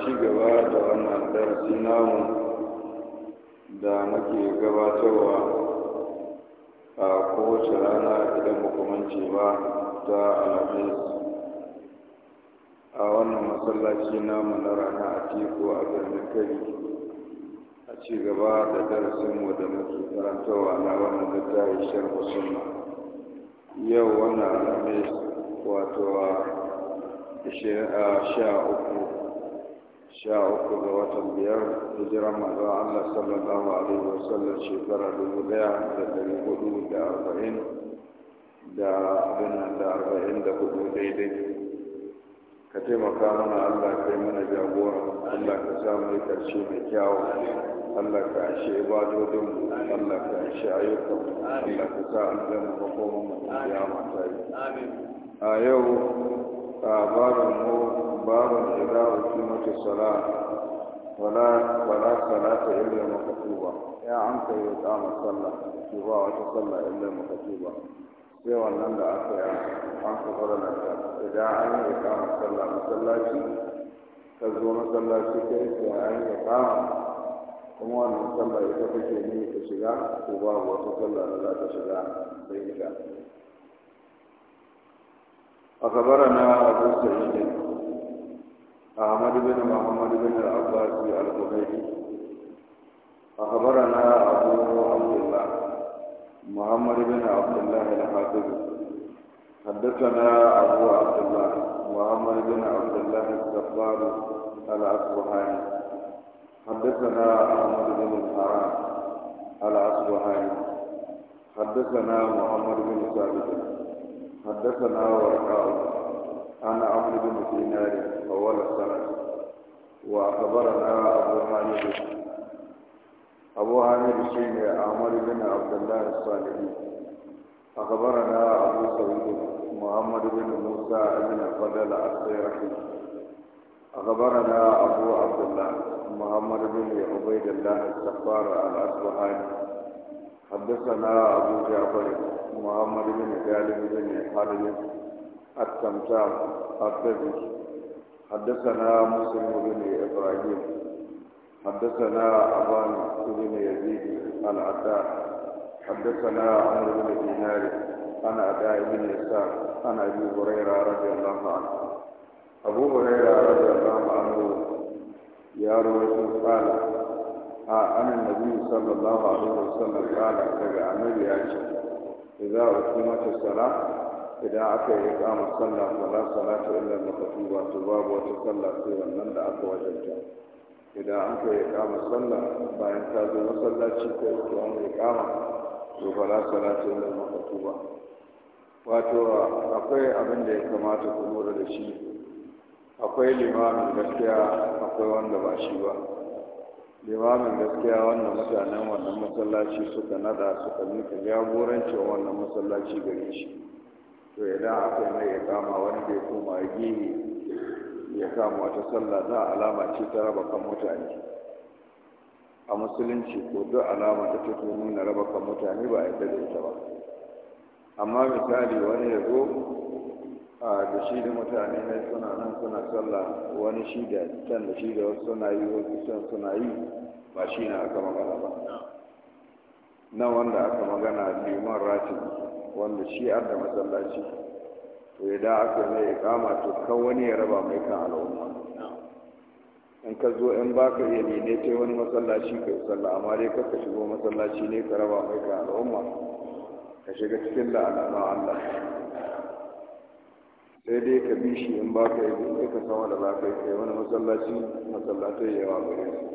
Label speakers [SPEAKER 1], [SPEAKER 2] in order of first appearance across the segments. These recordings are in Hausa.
[SPEAKER 1] ci gaba da wannan darasi namu da muke gabatarwa a kowace rana idan makamanci ba ta alhamis a wannan masallaci namu na rana a teku a birnin kari a ci gaba da darasinmu da muke karantarwa na wannan littafi sharhu sunna yau wannan alhamis wato a sha uku sha uku ga watan biyar hijiran manzon Allah sallallahu alaihi wasallam shekara dubu daya da dari hudu da arba'in da abin da arba'in da hudu daidai ka taimaka mana Allah ka yi mana jagora Allah ka sa mu karshe mai kyawu Allah ka ashe ibadodin mu Allah ka ashe ayyukan mu Allah ka sa aljanna makomin mu ya mata yi a yau a barin mu باب إذا أقيمت الصلاة ولا ولا صلاة إلا مكتوبة يا أنت يقام الصلاة كتوبة وتصلى إلا مكتوبة sai wannan da aka yi an kafara na ta idan an yi kama sallah masallaci ka zo masallaci ka yi sai an kama kuma wannan sallah ita kake ne shiga ko babu wata sallah da za ta shiga sai ita أخبرنا أبو سعيد أحمد بن محمد بن العباس الخميني أخبرنا أبو عبد الله محمد بن عبد الله الحافظ حدثنا أبو عبد الله محمد بن عبد الله الكفار الأصبهاني حدثنا أحمد بن الحرام الأصبهاني حدثنا محمد بن ثابت حدثنا ورقاء عن عمرو بن دينار طوال السنة وأخبرنا أبو حامد أبو حامد الشيخ عمرو بن عبد الله الصالح أخبرنا أبو سعيد محمد بن موسى بن فضل الصيرخي أخبرنا أبو عبد الله محمد بن عبيد الله السفار الأصبهاني حدثنا أبو جعفر محمد بن جالب بن خالد التمتام الطبي حدثنا مسلم بن إبراهيم حدثنا أبان بن يزيد العداء حدثنا عمر بن دينار عن أداء بن يسار عن أبي هريرة رضي الله عنه أبو هريرة رضي الله عنه
[SPEAKER 2] يا رسول قال عن النبي
[SPEAKER 1] صلى الله عليه وسلم قال تبع النبي عائشة إذا أقيمت الصلاة idan aka yi iqamar sallah wala salatu illa al-maktuba to babu wata sallah sai wannan da aka wajenta idan aka yi iqamar sallah bayan ta zo masallaci ko to an iqama to fala salatu illa al-maktuba wato akwai abin da ya kamata ku lura da shi akwai limamin gaskiya akwai wanda ba shi ba limamin gaskiya wannan mutanen wannan masallaci suka nada suka mika jagorancin wannan masallaci gare shi to idan aka mai ya kama wani bai koma gini ya kama wata sallah za alama ce ta raba kan mutane a musulunci ko duk alama ta take nuna raba kan mutane ba a yadda da ita ba amma misali wani ya zo
[SPEAKER 2] a da shi da mutane na
[SPEAKER 1] suna nan suna sallah wani shi da can da shi da wasu suna yi wasu can suna yi ba shi na aka magana ba na wanda aka magana liman ratin. wanda shi an da masallaci to idan aka mai kama to kan wani ya raba mai kan al'umma in ka zo in baka yi ne ta wani masallaci ka yi sallah amma dai ka shigo masallaci ne ka raba mai kan al'umma ka shiga cikin la'anana Allah sai dai ka bi shi in baka yi ne ka da wanda baka yi kai wani masallaci masallatai yawa gare su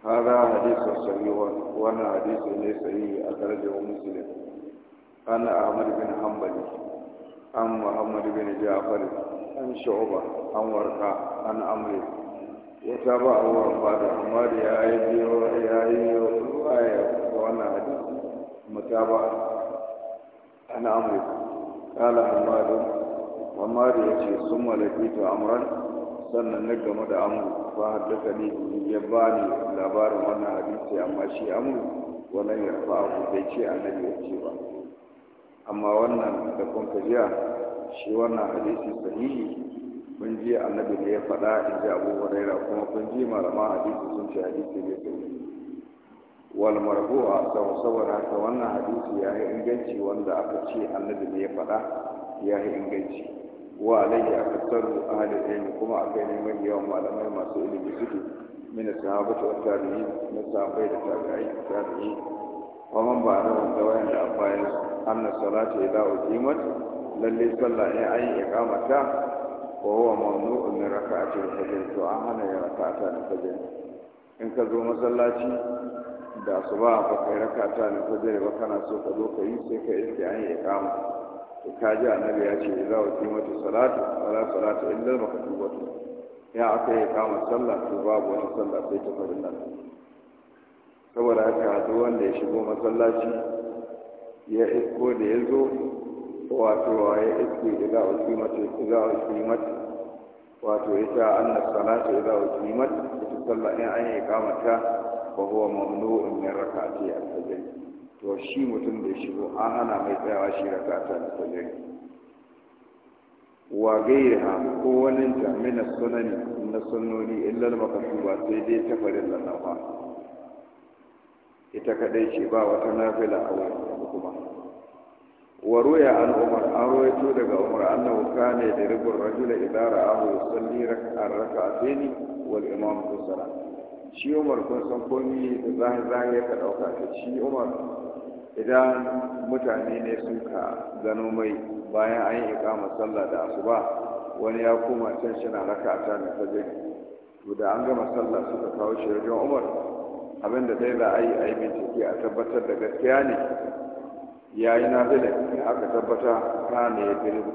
[SPEAKER 1] هذا حديث صحيح وانا حديث ليس صحيح اخرجه مسلم an ahmad bin hanbali an muhammad bin ja'far an shu'ba an warqa an amri wata ba a wurin fada amma da ya yi biyo ya yi ruwaya da wannan mutaba an amri kala hamadu hamadu ya ce sun malaki to amran sannan na game da amru ba haddasa ne ya ba ni labarin wannan hadisi amma shi amru wannan ya fa'a bai ce annabi ya ce ba amma wannan da kun jiya shi wannan hadisi sahihi kun ji annabi ne ya faɗa in ji abu huraira kuma kun ji malama hadisi sun ce hadisi ne sahihi wal marfu'a sau saboda haka wannan hadisi ya yi inganci wanda aka ce annabi ne ya faɗa ya yi inganci wa alayya aktaru ahli ilmi kuma akai neman yawan malamai masu ilimi suke min sahabatu wa tabi'in na sahabbai da tabi'in tabi'in wa man ba'da wanda wayan da abaya anna salata idza uqimat lalle sallah in an yi iqamata wa huwa mamnu'un min raka'atil fajr to an hana ya raka'ata na fajr in ka zo masallaci da asuba ba kai raka'ata na fajr ba kana so ka zo ka yi sai ka iske an yi iqama to ka ji annabi ya ce idza uqimat salatu wala salatu illa makatubatu ya aka yi iqama sallah to babu wata sallah sai ta farilla saboda haka duk wanda ya shigo masallaci ya isko da ya zo wato ya isko za a wasu mace wato ita annas salatu idza uqimat ita sallah in an yi kamata fa huwa raka min rak'ati a fajr to shi mutum da shi ko an hana mai tsayawa shi rak'ata a fajr wa ha ko wani ta min sunani na sunnoni illa al ba sai dai ta farin ita kadai ce ba wata nafila a wurin wa ya an umar an ruwaito daga umar annahu ne da ribur rajula idza ra'ahu yusalli rak'an rak'atayn wal imam kusara shi umar kun san komi da zahir ka dauka ta shi umar idan mutane ne suka gano mai bayan an yi iqama sallah da asuba wani ya koma can shi na raka'ata na fajr to da an gama sallah suka kawo shi wajen umar abinda dai ayi a yi bincike a tabbatar da gaskiya ne ya yi nafila in aka tabbata kana ya dirbu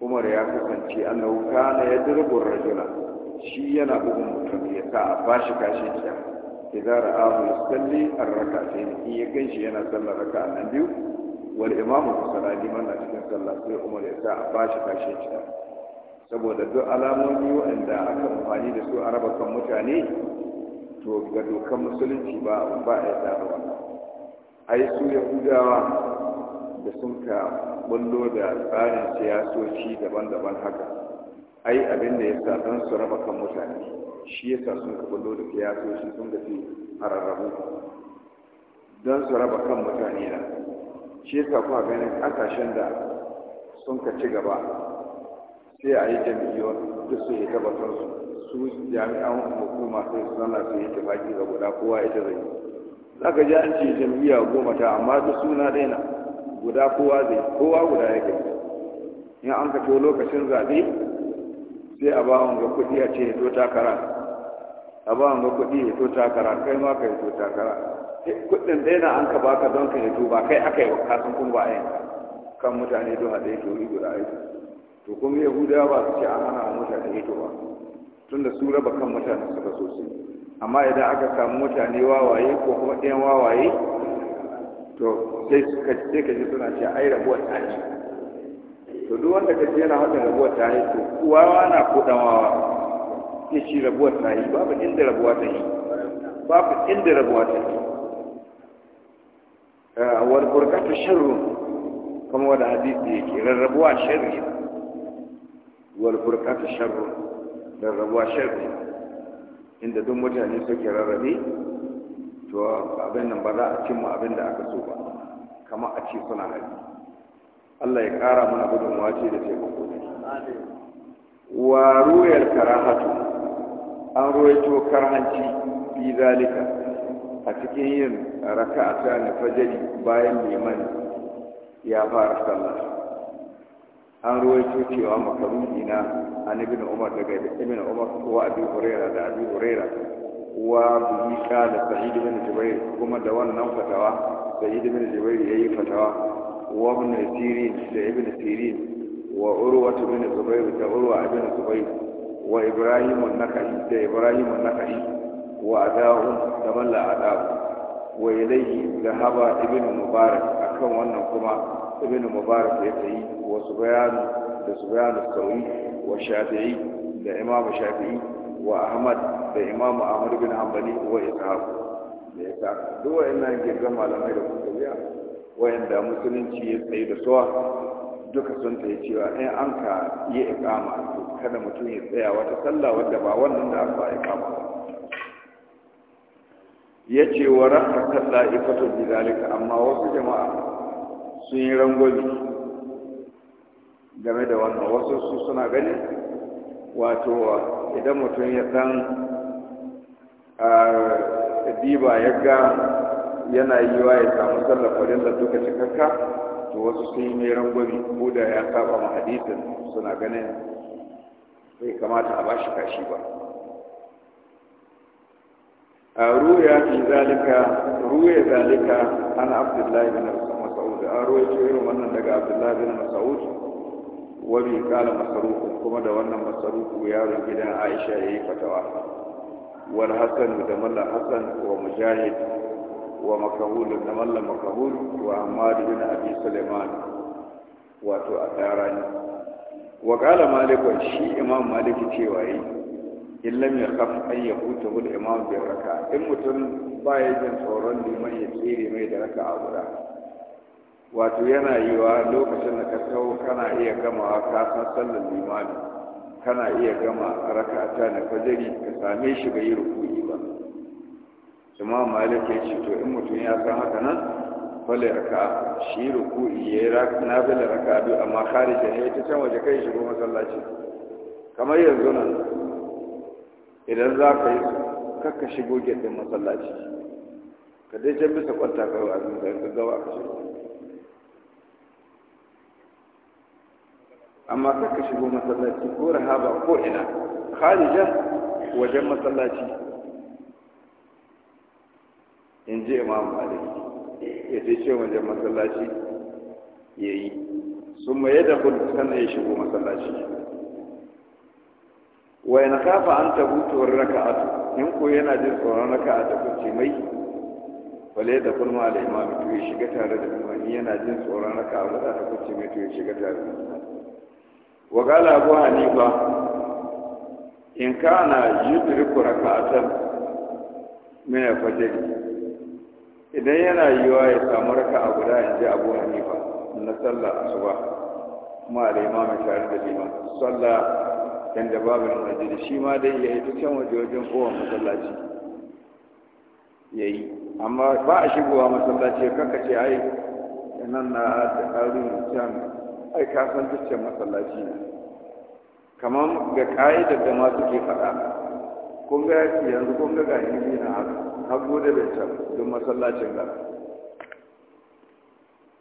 [SPEAKER 1] umar ya kasance annahu na ya dirbu rajula shi yana bugun mutum ya sa a bashi kashi kiya salli a raka ar ne in ya ganshi yana sallar a nan biyu wal imamu liman na cikin sallah sai umar ya sa a bashi kashi kiya saboda duk alamomi waɗanda aka amfani da su a raba kan mutane to ga dokan musulunci ba ba yi tsara wannan a yi su yahudawa da sun ka bullo da tsarin siyasoci daban-daban haka ai abin da ya sa don su raba kan mutane shi ya sa sun ka bullo da siyasoci sun ga fi hararrabu don su raba kan mutane na shi ya sa kuma ganin kasashen da sun ka ci gaba sai a yi jami'iyyar duk su yi tabbatar su su jami'an hukuma sai su zana su yi tafaki ga guda kowa ita zai yi za ka ji an ce jam'iyya goma ta amma duk suna ɗaya na guda kowa zai kowa guda ya kai in an kato lokacin zaɓe sai a ba wanga kuɗi a ce to takara a ba wanga kuɗi to takara kai ma ka to takara kuɗin ɗaya na an ka baka don ka hito ba kai aka yi wa kasan kun ba a yanka kan mutane don haɗe to yi guda aiki to kuma yahudawa ba su ce an hana mutane hito ba tunda su raba kan mutane suka so su amma idan aka samu mutane wawaye ko kuma ɗayan wawaye to sai suka ce ka ji suna ce ai rabuwar ta ne to duk wanda ka ce yana wata rabuwar ta yi to kuwawa na ko dan wawa ke ci rabuwar ta yi babu inda rabuwa ta yi babu inda rabuwa ta yi eh, wani burkatu sharru kuma wani hadisi yake rarrabuwa sharri wani burkatu sharru rarrabuwa sharri inda duk mutane suke rarrabe to abin nan ba za a cimma abin da aka so ba kamar a ce suna hari Allah ya kara mana gudunmawa wace da taimako ne wa ruwayar karahatu an ruwaito karhanci bi zalika a cikin yin raka'a ta fajari bayan neman ya fara sallah an ruwaito cewa makaruni na an ibn umar daga ibn umar wa abi huraira da abi huraira wa bihi da sa'id ibn jubair kuma da wannan fatawa sa'id ibn jubair yayi fatawa wa ibn sirin da ibn sirin wa urwa ibn zubair da urwa ibn zubair wa ibrahim an-nakhai da ibrahim an-nakhai wa adahu da malla adahu wa ilayhi dhahaba ibn mubarak akan wannan kuma ibn mubarak ya tayi wasu bayanu da sufyan al-thawri wa shafi'i da imam shafi'i wa ahmad da imam ahmad bin hanbali wa ishaq da ishaq duk wa'annan girgan malamai da kuka biya da musulunci ya tsaye da suwa duka sun tsaye cewa in an ka yi ikama kada mutum ya tsaya wata sallah wadda ba wannan da aka ikama ba ya ce wa ra'atar la'ifatu bi zalika amma wasu jama'a sun yi rangwami game da wannan wasu su suna ganin wato idan mutum ya dan diba ya ga yana wa ya samu sallafa da duka cikakka to wasu sun yi mai rangwami ko da ya saba ma hadisin suna ganin bai kamata a bashi kashi ba a ruya fi zalika ruya zalika an abdullahi bin mas'ud an ruwa irin wannan daga abdullahi bin mas'ud wabi kala masaruku kuma da wannan masaruku yaron gidan aisha ya yi fatawa wal hasan da mallan hasan wa mujahid wa makahul da mallan makahul wa hamad bin abi suleiman wato a darani wa kala malik shi imam maliki cewa yi in lam yakhaf an yahuta al imam bi raka in mutum ba ya jin tsoron liman ya tsere mai da raka'a guda wato yana yiwa lokacin da ka ta'u kana iya wa ka san sallar limani kana iya gama raka raka'ata na fajari ka same shi ga yi rukuni ba imam malik ya ce to in mutum ya san haka nan fale raka shi ruku'i ya yi fale raka biyu amma kharija ne ta can waje kai shigo masallaci kamar yanzu nan idan za ka yi kakka shigo gindin masallaci ka dai can bisa kwanta kawai a zuwa ka gawa ka shigo amma kaka shigo masallaci ko rahaba ko ina kharijan wajen masallaci in ji imam malik ya ce ce wajen masallaci ya yi sun maye da kudu sannan ya shigo masallaci wa na kafa an tabutuwar raka'atu in ko yana jin tsoron raka'a ta kuce mai wale da kulma da imam to ya shiga tare da imam yana jin tsoron raka'a wadda ta mai to ya shiga tare da imam وقال أبو حنيفة إن كان يدرك ركعة من الفجر idan yana yiwa ya samu raka a guda in ji abu hanifa na sallah asuba kuma da imamin tare da lima sallah dan da babin masjidi shi ma dai ya yi can waje wajen kowane masallaci ya yi amma ba a shigowa masallaci kanka ce ai nan na da ƙarin can ai ka san dukkan masallaci ne kamar ga ka'idar da ma suke faɗa kun ga yanzu kun ga ne na haka da gode bai can don masallacin ga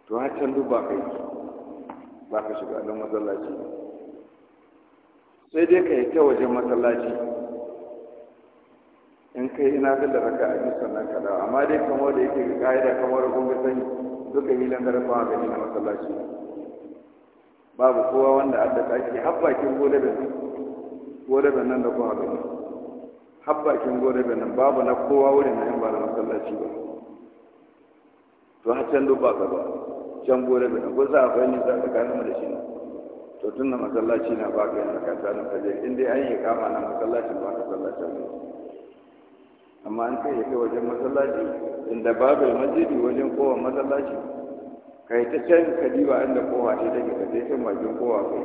[SPEAKER 1] to har can duk ba ka yi ba ka shiga don masallaci sai dai ka yi ta wajen masallaci in kai ina da raka a cikin nan kada amma dai kamar da yake ga ka'ida kamar kun ga sani duka hilan garfa a gani na masallaci babu kowa wanda an da tsaki habbakin godabin godabin nan da kuma gani habbakin godabin nan babu na kowa wurin na ba na masallaci ba to har can duk ba ka ba can godabin nan ko za a bayani za ka gano da shi ne to tun da masallaci na ba ka yana ka na fajar in dai an yi kama na masallacin ba ka sallaci ne amma an kai ya kai wajen masallaci inda babu masjidi wajen kowa masallaci kai ta can ka diba inda kowa ce take ka sai can bakin kowa kai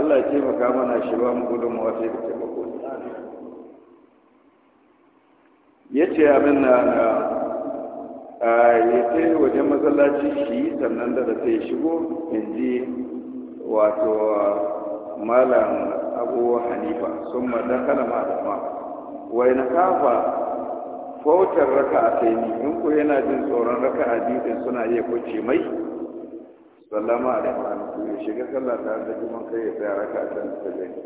[SPEAKER 1] Allah ya taimaka mana shi ba mu gudun mawa sai ka taimako ya ce abin na na ya kai wajen masallaci shi sannan da da sai shigo in ji wato malam abu hanifa sun ma dakala ma da ma wai na kafa wautar raka a sai ni in ko yana jin tsoron raka a biyu suna iya kwace mai sallama a dafa ku ya shiga sallah ta da kuma kai ya tsaya raka a can ta jani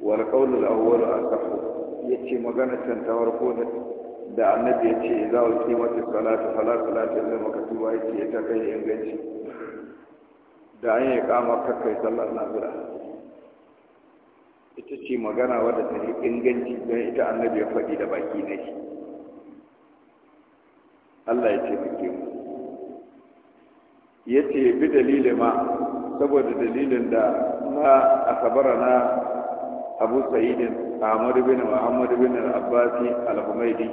[SPEAKER 1] wal qawlul awwal ya yace magana can ta farko da annabi yace idza uqimati salatu fala salata illa maktuba yace ta kai inganci
[SPEAKER 2] da an yi kama kakkai sallar nazira
[SPEAKER 1] ita ce magana wadda ta inganci don ita annabi ya faɗi da baki na shi Allah ya taimake mu yace bi dalilin ma saboda dalilin da na akabara na Abu Sa'id Ahmad bin Muhammad bin al abbasi Al-Humaydi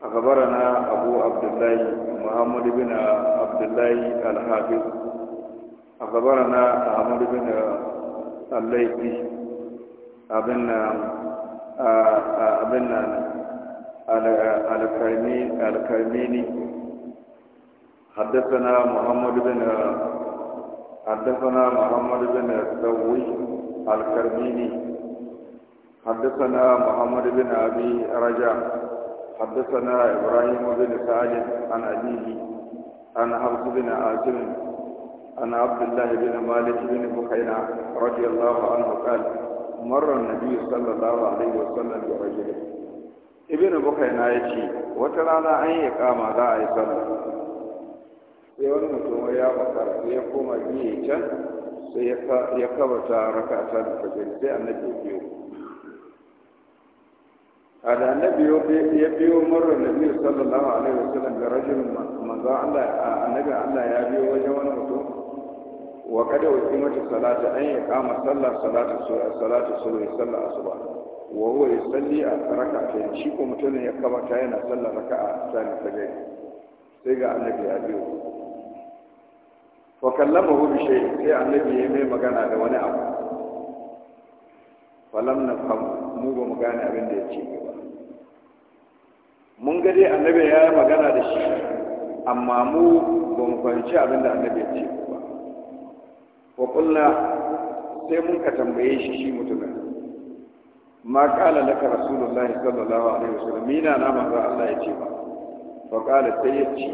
[SPEAKER 1] na Abu abdullahi Muhammad bin abdullahi Al-Hafiz na Ahmad bin Al-Laythi abin abin الكرميني حدثنا محمد بن حدثنا محمد بن الثوي الكرميني حدثنا محمد بن ابي رجاء حدثنا ابراهيم بن سعيد عن ابيه عن حفص بن عاصم عن عبد الله بن مالك بن بخينا رضي الله عنه قال مر النبي صلى الله عليه وسلم برجله ibn bukai na ya ce wata rana an yi kama za a yi sallah sai wani mutum ya makara sai ya koma biye can sai ya ta raka ta da fajiri sai annabi ya biyo a da annabi ya biyo marar da biyu sallallahu alaihi wasallam da rajulun manzo Allah annabi Allah ya biyo wajen wani mutum wa kada wa kimata salata an yi kama sallah salatu salatu sallah asuba wa ya salli a raka'atayn shi ko mutumin ya kamata yana sallar a sani sajai sai ga annabi ya biyo wa kallamahu bi shay sai annabi ya mai magana da wani abu falam na fam mu ba mu gane abin da ya ce ba mun ga dai annabi ya yi magana da shi amma mu ba mu fahimci abin da annabi ya ce ba wa kullu sai mun ka tambaye shi shi mutumin ma kala laka rasulullahi sallallahu alaihi wasallam mina na manzo Allah ya ce ba fa kala sai ya ce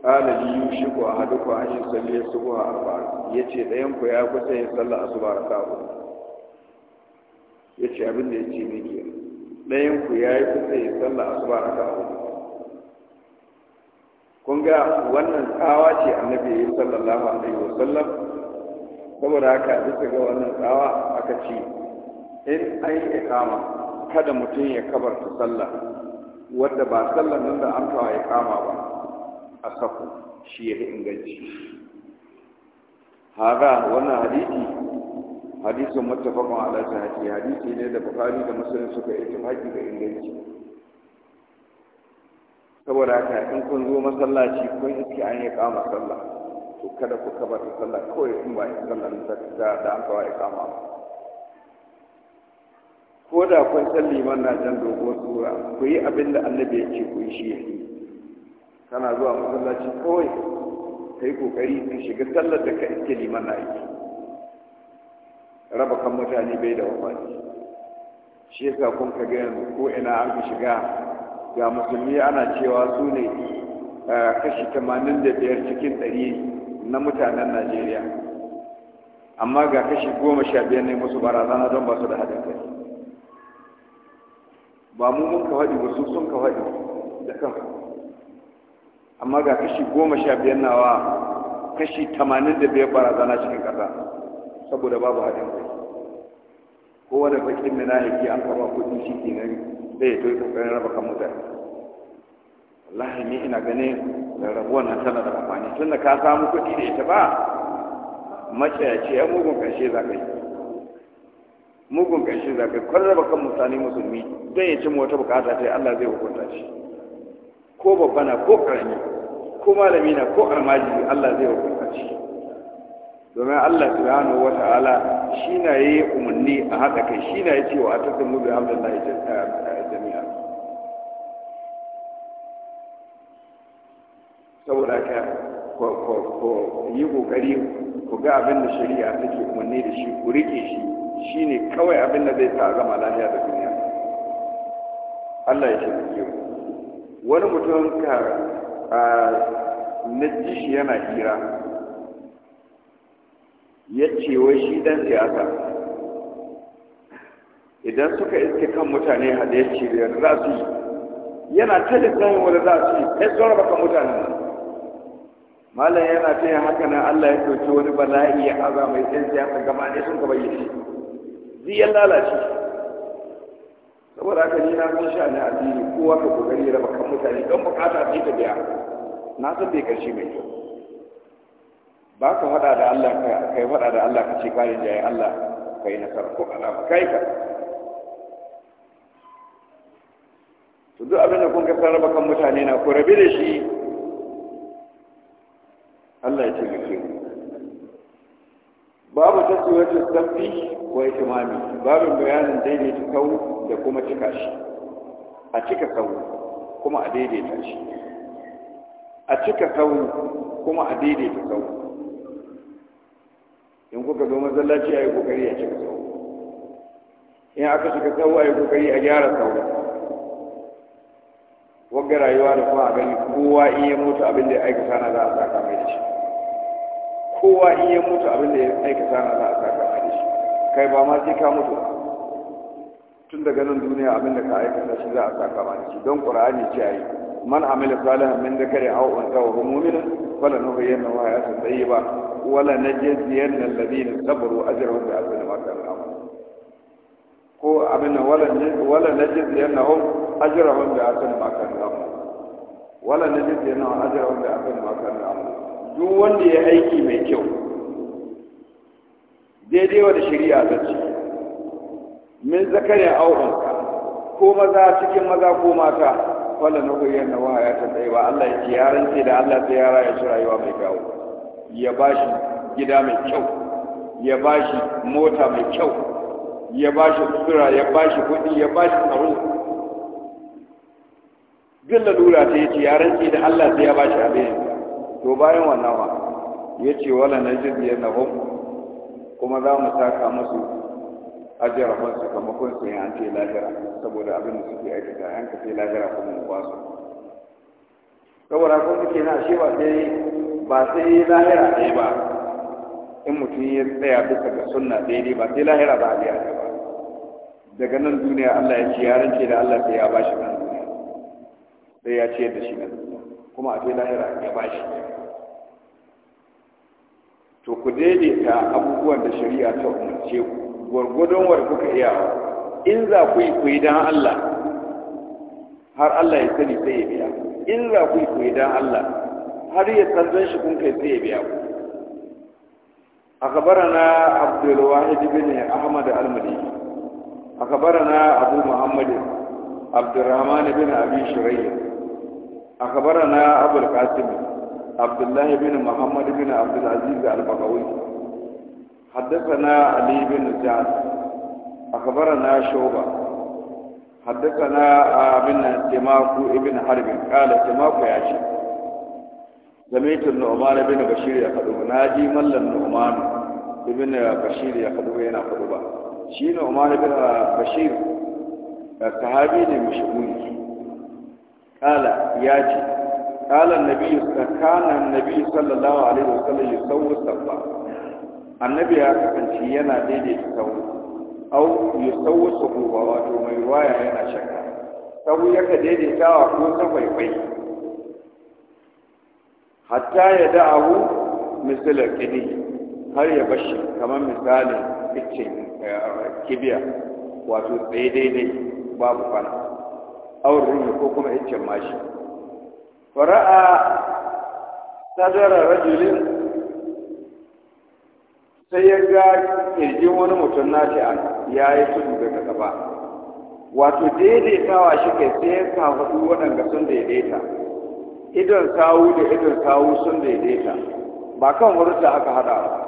[SPEAKER 1] kala li yushiku ahaduku an yusalli subha arba'a yace dayan ku ya kusa ya sallah asuba raka'a yace abin da yace ne ke dayan ku ya yi kusa ya sallah asuba ku kun ga wannan tsawa ce annabi sallallahu alaihi wasallam saboda haka duk ga wannan tsawa aka ce in an yi ikama kada mutum ya kabarta sallah wadda ba sallah nan da an kawo ikama ba a safu shi ya fi inganci haga wannan hadisi hadisin muttafaqun ala sahihi hadisi ne da bukhari da muslim suka yi tafaki da inganci saboda haka in kun zo masallaci kun iske an yi kama sallah to kada ku kabarta sallah kawai in ba sallah da da an kawo ikama ba ko da kun san liman na jan dogon tura ku yi abin da annabi ya ce ku yi shi yayi kana zuwa masallaci kawai kai kokari ka shiga sallar da ka iske liman na yi raba kan mutane bai da wafani shi yasa kun ka ga yanzu ko ina an shiga ga musulmi ana cewa su ne eh, kashi tamanin da biyar cikin ɗari na mutanen najeriya amma ga kashi goma sha biyar ne musu barazana don ba su da haɗin kai ba mu mun ka faɗi ba su sun ka faɗi da kan amma ga kashi goma sha biyar nawa kashi tamanin da biyar barazana cikin ƙasa saboda babu haɗin kai kowane bakin mina yake an kama kuɗi shi ke nan zai ya toyi ƙoƙarin raba kan mutane wallahi ni ina ganin rarrabuwan nan tana da amfani tun da ka samu kuɗi da ita ba mace ya ce ya mugun ƙarshe za ka yi mugun ƙarshe za ka kwarraba kan mutane musulmi don ya cimma wata bukata ta Allah zai hukunta shi ko babba na ko ƙarami ko malami na ko armaji Allah zai hukunta shi domin Allah subhanahu wa ta'ala shi na yi umarni a haɗa kai shi na yi cewa a tattalin mu bi hamdulillahi eh, eh, jami'a saboda ka ko yi kokari ku ga abin da shari'a take umarni da shi ku rike shi ne kawai abin da zai sa gama lahiya da duniya Allah ya shirye mu wani mutum ka na ji shi yana hira ya ce wai shi dan siyasa idan suka iske kan mutane hada ya ce da za su yi yana ta lissafin wani za su yi ya tsoron baka mutane. nan malam yana ta yi haka nan Allah ya soke wani bala'i ya aza mai tsayin siyasa gama ne sun gaba yi shi Ziyar lalace saboda haka ni na san sha ne addini kowa ka kokari ya raba kan mutane don bukata a ta biya na san bai karshe mai kyau ba ka faɗa da Allah ka yi faɗa da Allah ka ce kare jaye Allah ka yi nasara ko alama kai ka to duk abin da kun kasar raba kan mutane na ku rabi da shi Allah ya ce mu babu tasiratu sabbi Wai itimami babin bayanin daidaita kawo da kuma cika shi a cika kawo kuma a daidaita shi a cika kawo kuma a daidaita kawo in kuka zo masallaci a yi kokari a cika kawo in aka cika kawo a yi kokari a gyara kawo wagga rayuwa da kuma a gani kowa in ya mutu abin da ya aikata na za a saka mai da shi kowa in ya mutu abin da ya aikata na za a saka mai da shi kai ba ma sai ka mutu tun daga nan duniya abin da ka aikata shi za a saka ba shi don qur'ani ce yi. man amila salihan min dhakari aw unsa wa hum mu'minun fala nuhyiyanna hayatan tayyiba wala najziyanna alladhina sabaru ajrahum bi ahsani ma kanu ya'malun ko abin wala wala hum ajrahum bi ahsani ma kanu ya'malun wala najziyannahum ajrahum bi ahsani ma kanu ya'malun duk wanda ya aiki mai kyau daidai wa da shari'a ta ce min zakarin auren ko maza cikin maza ko mata wanda na koyar na waya ta ba, Allah ya ce yaran ce da Allah ta yara ya ci rayuwa mai kawo ya bashi gida mai kyau ya bashi mota mai kyau ya bashi kusura ya bashi kuɗi ya bashi tsaro duk lura ta yace yaran ce da Allah sai ya bashi abin to bayan wannan wa yace wala na jibi na hukm kuma za mu taka musu ajiyarfan sakamakon su yin an ce lahira saboda abin da suke aikata yan ka ce lahira kuma mu ba su saboda kun suke na shi ba sai ba sai lahira ɗaya ba in mutum ya tsaya bisa ga sunna daidai ba sai lahira ba a biya ba daga nan duniya Allah ya ce ya rance da Allah sai ya shi nan duniya sai ya ce da shi nan kuma a sai lahira ya ne to ku daidaita abubuwan da shari'a ta umarce ku gwargwadon wa kuka iya in za ku yi ku yi dan Allah har Allah ya sani sai ya biya in za ku yi ku yi dan Allah har ya san shi kun kai sai ya biya أخبرنا عبد الواحد بن أحمد المدي أخبرنا أبو محمد عبد الرحمن بن أبي شريح أخبرنا أبو القاسم عبد الله بن محمد بن عبد العزيز البغوي حدثنا علي بن زياد اخبرنا شوبه حدثنا ابن تماكو ابن حرب قال تماكو يا شيخ سمعت النعمان بن بشير يقول ناجي مل النعمان ابن بشير يقول هنا قلوبا شي نعمان بن بشير صحابي مشهور قال يا شيخ قال النبي كان النبي صلى الله عليه وسلم يسوي الصفا annabi ya kasance yana daidaita sauri au yusawu suhuba wato mai ruwaya yana shakka sauri yaka daidaitawa ko ta kwaikwai hatta ya da'ahu misalar gini har ya bashi kamar misalin iccen kibiya wato tsaye daidai babu fana aurin ko kuma iccen mashi fara'a sadara rajulin sai ya ga kirjin wani mutum nashi a ya yi tudu daga gaba wato daidaitawa shi kai sai ya kafaɗu waɗanda sun daidaita idon sawu da idon sawu sun daidaita ba kan wurinta aka haɗa ba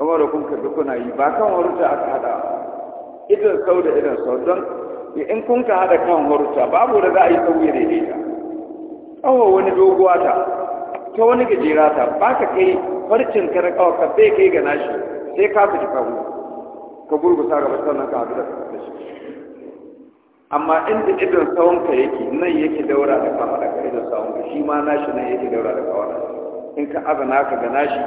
[SPEAKER 1] kamar da kun karɓi kuna ba kan wurinta aka haɗa ba idon sau da idon sau don in kun ka haɗa kan horta babu da za a yi sauye daidaita ƙawo wani doguwa ta ta wani gajera ta ba ka kai farcin ka na ka bai kai ga nashi sai ka fi kawo ka gurgusa gaba sannan ka haɗu da shi amma inda idon tsawon ka yake nan yake daura da kama da idon tsawon ka shi ma nashi nan yake daura da kawa in ka azana ka ga nashi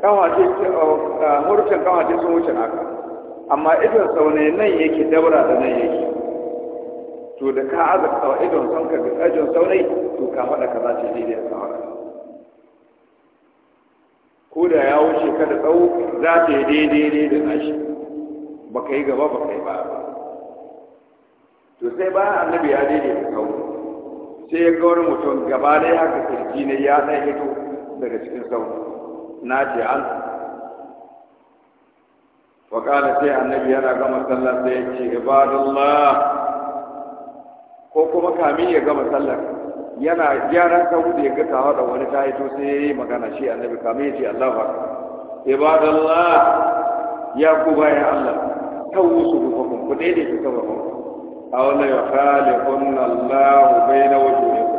[SPEAKER 1] kawace horutan ah, kawace sun wuce naka amma idon tsawon nan yake daura da nan yake to da ka azurta idon son ka ga ajin saurayi to ka faɗa ka za ce daidai da kawai ko da ya wuce ka da tsawo za ta yi daidai da nashi ba ka yi gaba ba ka yi ba to sai bayan annabi ya daidai da kawo sai ya kawar mutum gaba dai haka kirki ne ya ɗan hito daga cikin sauri na ce an wa sai annabi yana gama sallah sai ya ce ibadallah ko kuma kamin ya gama sallar yana gyaran ta wuce ya ga tawa da wani ta hito sai yi magana shi annabi kamin ya ce Allah ba. ibadallah ya ku bayan Allah tawu su ku kuma ku dai ku saba ku aw bai na Allahu baina wujuhikum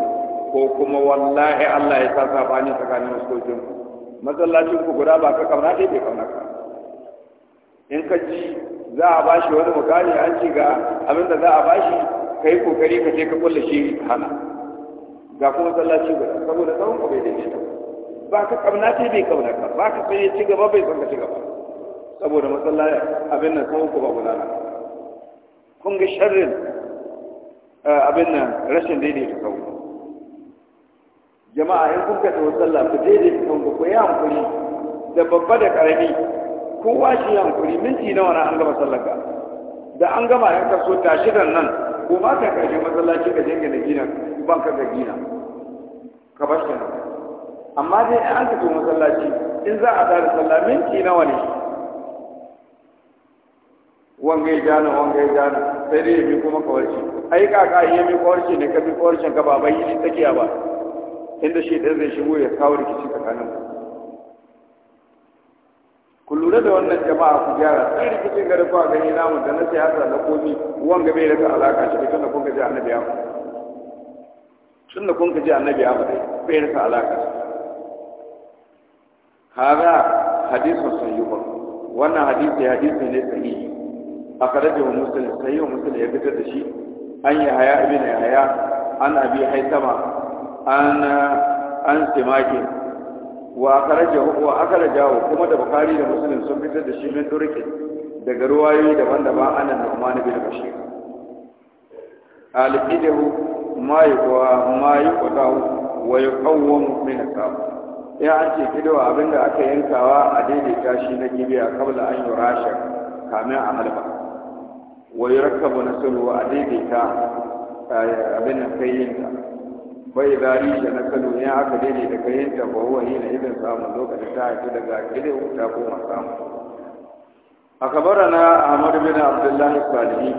[SPEAKER 1] ko kuma wallahi Allah ya sa sabani tsakanin musulmin masallacin ku guda ba ka kamar dai bai kamar ka in ka ji za a bashi wani mukami an ci ga abinda za a bashi ka yi kokari ka je ka kulle shi hana ga kuma sallaci guda saboda tsawon ku bai daidaita ba ka kamna ta bai kamna ka ba ka sai ci gaba bai san ka ci gaba saboda masallaci abin nan tsawon ku ba guda na kun ga sharrin eh, abin nan rashin daidaita tsawon jama'a in kun ka tsawon sallah ku daidaita tsawon ku yi hankuri da babba da karami kowa shi hankuri minti nawa na an gama sallar da an gama yanka so tashi da nan ko ma ta kashe masallaci ka da gina ban ka ga gina ka bar shi amma dai an ka zo masallaci in za a tsara sallah minti nawa ne wanga ya jana wanga ya jana sai dai ya mi kuma kawarci ai kaka ya mi kawarci ne ka bi kawarcin ka ba bai yi tsakiya ba inda shi dan zai shigo ya kawo rikici tsakanin ku ku lura da wannan jama'a ku gyara sai rikicin gari ku gani namu da na siyasa na komi wanga bai daga alaka shi da kun ga ji annabi tun da kun ga ji annabi dai bai daga alaka hada hadisun sayyuba wannan hadisi hadisi ne sahihi akhrajahu yi wa muslim ya fitar da shi an yi haya ya haya an abi haitama an an simakin wa akhrajahu wa jawo kuma da bukari da muslim sun fitar da shi min turki daga ruwayoyi daban-daban anan nu'man bin bashir alqidahu ma yuwa ma yuqdahu wa yuqawwam min qab ya an ce kidawa abinda aka yankawa a daidaita shi na gibiya kabla an rashin kamin a halba wa yurakkabu nasru a daidaita eh, abin nan kai yinka bai bari da na kano ne aka daidai daga yin taba huwa yi na idan samu lokacin ta haifi daga gidan ta ko masamu a kabara na ahmad bin abdullah salihi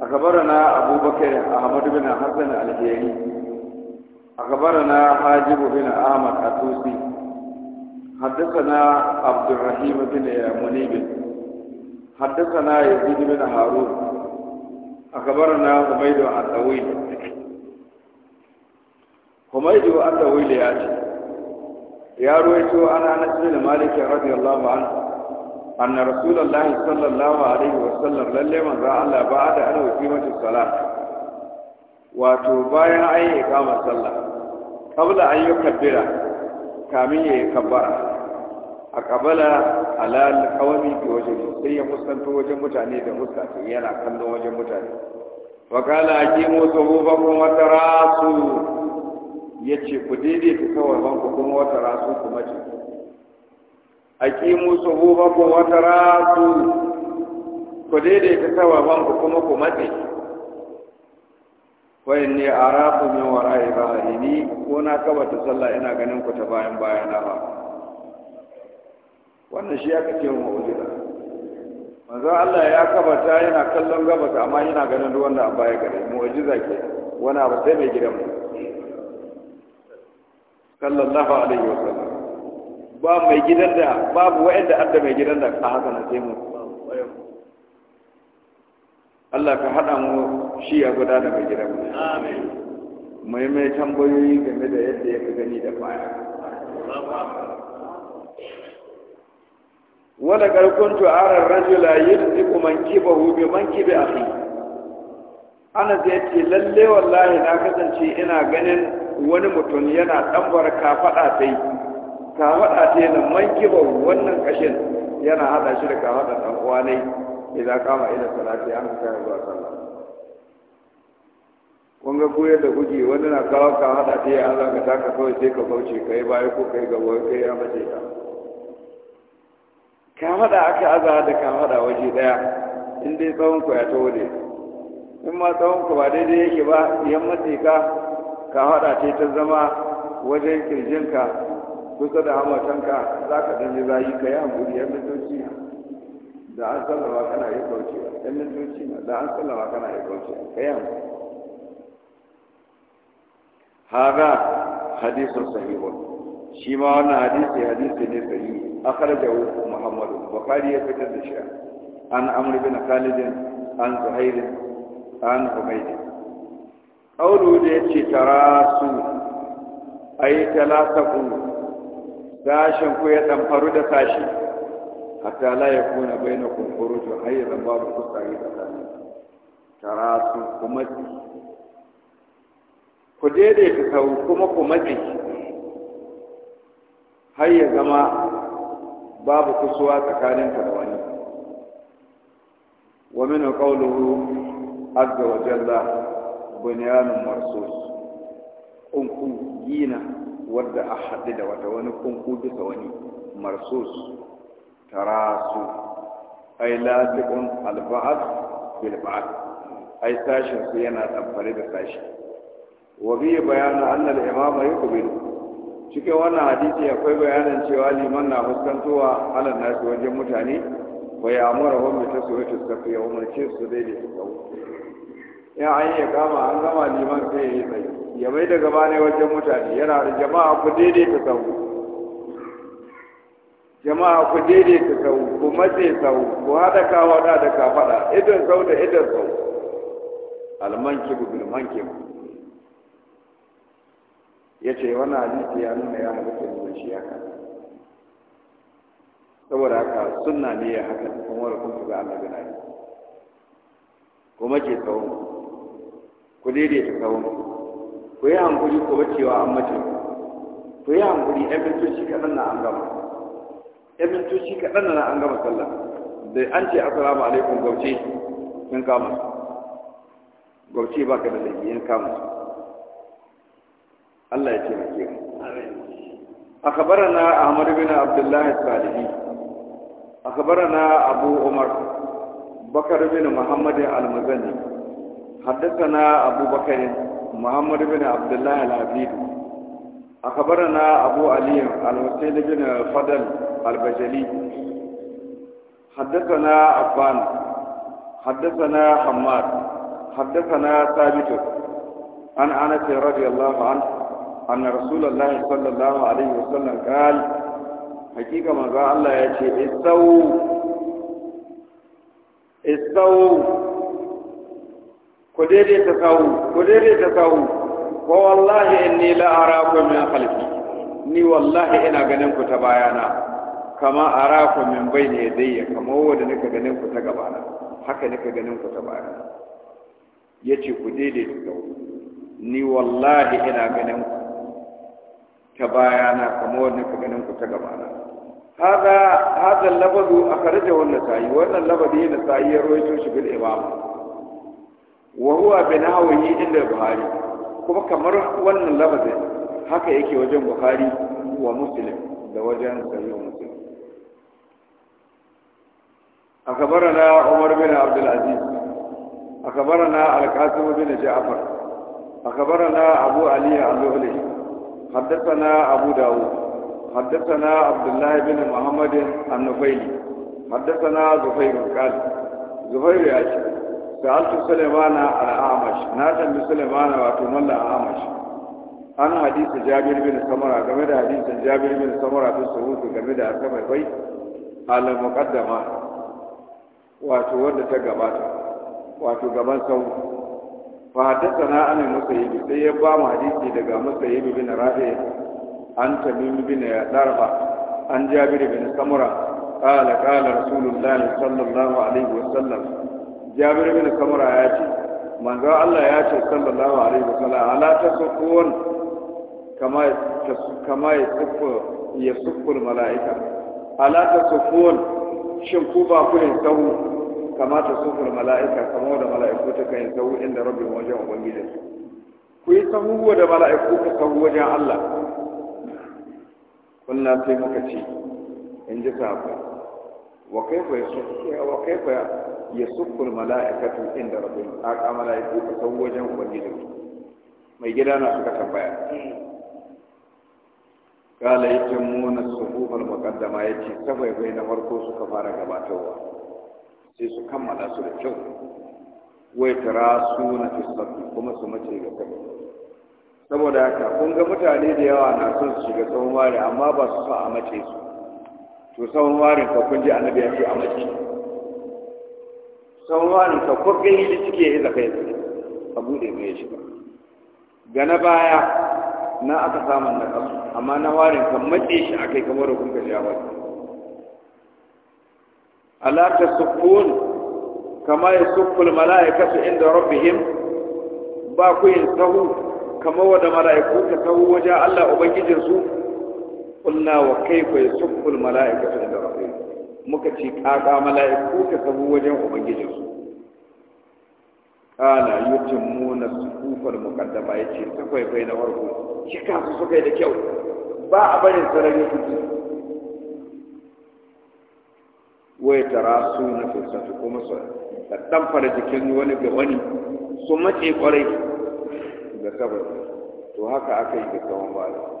[SPEAKER 1] a kabara abubakar ahmad bin hassan alheri a kabara na hajibu bin ahmad atusi haddasa na abdurrahim bin yamunibin haddasa na yazidi bin harun a kabara na zubaidu a tsawai kuma yi wa Allah wuli ya
[SPEAKER 2] ce ya ruwaito ana nasu da malikin radiyallahu anhu
[SPEAKER 1] anna rasulullahi sallallahu alaihi wa sallam lalle za Allah ba da ana wa kimatin sala wato bayan an yi sallah kabla an yi kabbira kamin ya yi kabbara a kabala alal qawmi bi wajhi sai ya musanto wajen mutane da muska yana kallon wajen mutane wakala akimu suhufakum wa tarasu ya ce ku daidaita kawai banku kuma wata rasu ku mace a ƙi musu, ba ku wata rasu ku daidaita kawai banku kuma ku mace wayan ne a rafu min wara'i ba ni ko na ta sallah ina ganin ku ta bayan bayana ba wannan shi ya ce wa mu'jiza manzo Allah ya kabata yana kallon gabata amma yana ganin ruwan da a baya gare mu'jiza ke wani abu sai mai gidan mu sallallahu alaihi wa sallam ba mai gidan da babu wa'anda adda mai gidan da a haka na sai mu Allah ka haɗa mu shi ya guda da mai gidan amin mai mai tambayoyi game da yadda ya ka gani da baya wala garkuntu arar rajula yirziqu mankibahu bi mankibi akhi ana zai ce lalle wallahi na kasance ina ganin wani mutum yana ɗanbar faɗa ta yi kafaɗa ta yi na mankibar wannan ƙashin yana haɗa shi da kafaɗa ɗan uwa ne idan kama ila salati an kai zuwa sallah kun ga koyar da kuke wani na kawo kafaɗa ta yi an zaka taka kawai sai ka bauce ka yi baya ko ka yi gaba ka yi amince ka kafaɗa aka aza da kafaɗa waje ɗaya in dai tsawon ku ya taho ne in ma tsawon ku ba daidai yake ba yan matse ka ka haɗa ce ta zama wajen kirjinka kusa da hamatanka za ka ɗanyi zayi ka yi hankuri yan mintoci da an sallama kana yi kauce. yan mintoci da an sallama kana yi kauce. ka yi hankuri haga hadisun sahihu shi ma wannan hadisi hadisi ne sahihi akhrajahu muhammadu bukhari ya fitar da shi an amr bin khalid an zuhair an humaydin ƙaunu da ya ce tara su a yi talataku sashen ku ya ɗamfaru da sashi hatta la ya kuna bai na kunkuru to har yi zamba da kusari tsakanin tara su ku matsi ku daidaita sau kuma ku matsi har ya zama babu kusuwa tsakanin da wani wa min qawluhu azza wa jalla bunyanun marsus kunku gina wadda a haɗu da wata wani kunku bisa wani marsus tarasu ai latiqun alba'ad bil ai sashin su yana tsamfare da sashi wa bi bayanu anna al-imam yuqbilu cikin wannan hadisi akwai bayanin cewa liman na fuskantowa halin nasu wajen mutane wa ya'muru hum bi tasawwuti safi wa umarci su daidai su sawu in an yi kama an gama liman sai ya yi tsaye ya mai da gaba ne wajen mutane yana da jama'a ku daidai ta sau jama'a ku daidai ta sau ku matse sau ku haɗa kawada da kafaɗa idan sau da idan sau almanki ku bilmanki ku ya ce wani hadisi ya nuna ya halitta liman shi ya haka saboda haka sunna ne ya haka kuma wani kuma ga annabi na kuma ke tsawon ku daidaita kawo ku yi hankuri ku bacewa an mace ku yi hankuri ɗan mintoci kaɗan na an gama ɗan mintoci kaɗan na an gama sallah da an ce assalamu alaikum gauce in kama gauce baka da laifi in kama Allah ya ce mu ke أخبرنا أحمد بن عبد الله الصالحي أخبرنا أبو عمر بكر بن محمد المزني حدثنا أبو بكر محمد بن عبد الله العبيد أخبرنا أبو علي الحسين بن فضل البجلي حدثنا عفان حدثنا حماد حدثنا ثابت عن أنس رضي الله عنه أن رسول الله صلى الله عليه وسلم قال حقيقة ما قال الله يا شيخ استووا استووا ku daidaita sahu ku daidaita sahu wa wallahi inni la arakum min khalqi ni wallahi ina ganin ku ta bayana kama arakum min bayni yadayya kama wanda nake ganin ku ta gabana haka nake ganin ku ta bayana yace ku daidaita sahu ni wallahi ina ganin ku ta bayana kama wanda nake ganin ku ta gabana هذا هذا اللفظ أخرجه النسائي وأن اللفظ النسائي رويته في الإمام wa huwa bi nahwihi inda buhari kuma kamar wannan lafazin haka yake wajen buhari wa muslim da wajen sahih muslim akhbarana umar bin abdul aziz akhbarana al-qasim bin ja'far akhbarana abu ali al-luhli حدثنا أبو داود حدثنا عبد الله بن محمد النفيل حدثنا زفير قال زفير يا sa'altu sulaimana al na tambi sulaimana wato malla al an hadisi jabir bin samara game da hadisin jabir bin samara ta suhutu game da asabai bai al-muqaddama wato wanda ta gabata wato gaban sau fa hadathana an musayyib sai ya ba mu hadisi daga musayyib bin rafi an tamim an قال قال رسول الله صلى الله عليه وسلم jabir bin kamara ya ce manzo Allah ya ce sallallahu alaihi wasallam ala tasukun kama kama ya yasuffu malaika ala tasukun shin ku ba ku yin sahu kama tasuffu malaika kama da malaiku ta kan sahu inda rabbi wajen ubangiji ku yi sahu da malaiku ku sahu wajen Allah kullum sai muka ce in ji sabon wa kaifa wa kaifa yasukul mala'ikatu inda rabbihim aka mala'iku ka san wajen ubangiji mai gida na suka tambaya kala yake muna suhufar muqaddama yace sabai bai na farko suka fara gabatarwa sai su kammala su da kyau wai tara na tisabbi kuma su mace ga kai saboda haka kun ga mutane da yawa na son su shiga tsawon amma ba su sa a mace su to tsawon warin ka kun ji annabi ya ce a mace sauran warin ka ko gani da suke yi zaka a bude mai shi ba ga na baya na aka samun na kasu amma na warin ka matse shi a kai kamar da ka jawo ala ta sukun kama ya sukul mala'ikatu inda rabbihim ba ku yin sahu kamar wanda mala'iku ka sahu wajen Allah ubangijinsu kunna wa kaifa yasubbul mala'ikatu da rabbi muka ci kaka mala'iku ka sabu wajen su kana yutimmuna sufufar muqaddama yace ta kwaikwai na farko ka su suka yi da kyau ba
[SPEAKER 2] a barin sarari kuɗi
[SPEAKER 1] wai tara su na fisafi kuma su dan fara jikin wani ga wani su mace kwarai ga saboda to haka aka yi da tsawon bala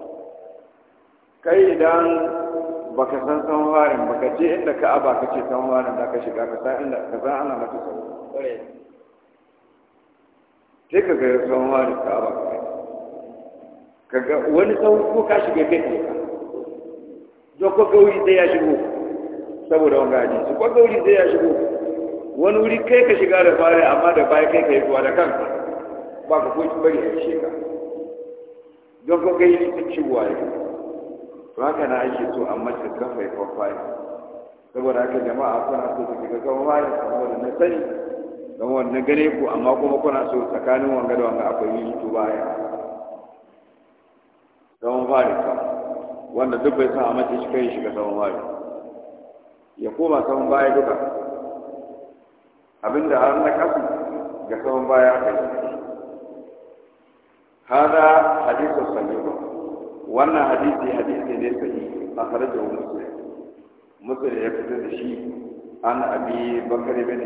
[SPEAKER 1] kai idan ka san san ba ka je inda ka ka kace san warin da ka shiga ka san inda ka san ana mata tsaro sai ka ga san ka aba ka ga wani tsawon ko ka shiga kai ka don ko gauri da ya shigo saboda wanga hadisi ko gauri da ya shigo wani wuri kai ka shiga da fara amma da bai kai ka yi zuwa da kanka ba ka ko bari shi ka. don ko yi ta ciwo ya to haka na ake so a mace kafa ya kwafai saboda haka jama'a kuna so su kika kawo bayan saboda na sani don wannan gane ku amma kuma kuna so tsakanin wanga da wanga akwai yi to baya tsawon fari kan wanda duk bai san a mace shi kai shiga tsawon fari ya koma tsawon baya duka abinda har na kasu ga tsawon baya kai yi hada hadisin sahihun wannan hadisi hadisi ne sahihi akhrajahu muslim muslim ya fitar da shi an abi bakar bin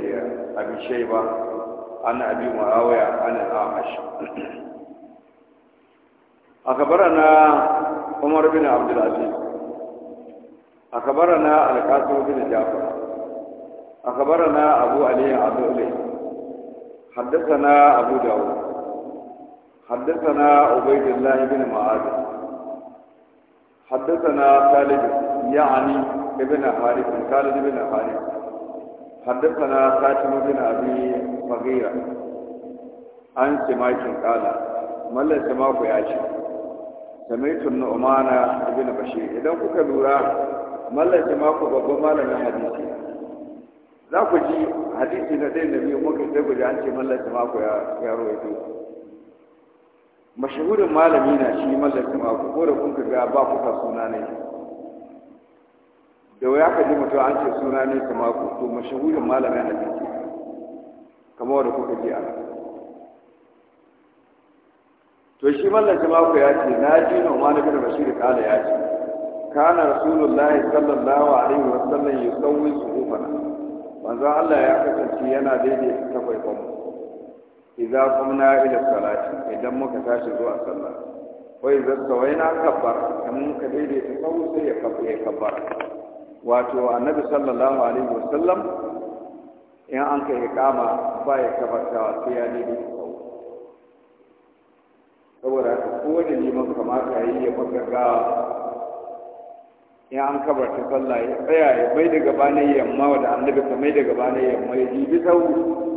[SPEAKER 1] abi shayba an abi muawiya an al-amash أخبرنا عمر بن عبد العزيز أخبرنا القاسم بن جعفر
[SPEAKER 2] أخبرنا أبو علي عبد حدثنا أبو داود حدثنا عبيد الله بن معاذ
[SPEAKER 1] حدثنا خالد يعني ابن حارث خالد بن حارث حدثنا خاتم بن ابي مغيره عن سماك قال ملا سماك يا شيخ سمعت النعمان بن بشير اذا kuka lura mallace maku babban malamin hadisi za ku ji hadisi na ɗaya da biyu muka sai ku ji an ce mallace maku ya yaro ya biyu mashahurin malami na shi mallakin mako ko da kun ka ga ba kuka suna ne da waya ka ji mutum an ce suna ne ka mako to mashahurin malami na ne kamar wanda kuka ji a to shi mallakin mako ya ce na ji na umar bin bashir kala ya ce kana rasulullahi sallallahu alaihi wasallam su hufana? manzo Allah ya kasance yana daidai ta mu idza qumna ila salati idan muka tashi zuwa sallah wa idza sawaina kabbar kan muka daidaita kawo sai ya kabbar ya kabbar wato annabi sallallahu alaihi wasallam in an kai iqama ba ya kabartawa sai ya daidaita sahu saboda haka kowane liman kamata yayi ya gaggawa in an kabarta sallah ya tsaya ya bai daga bane yamma wa da annabi ka mai daga bane yamma ya jibi sahu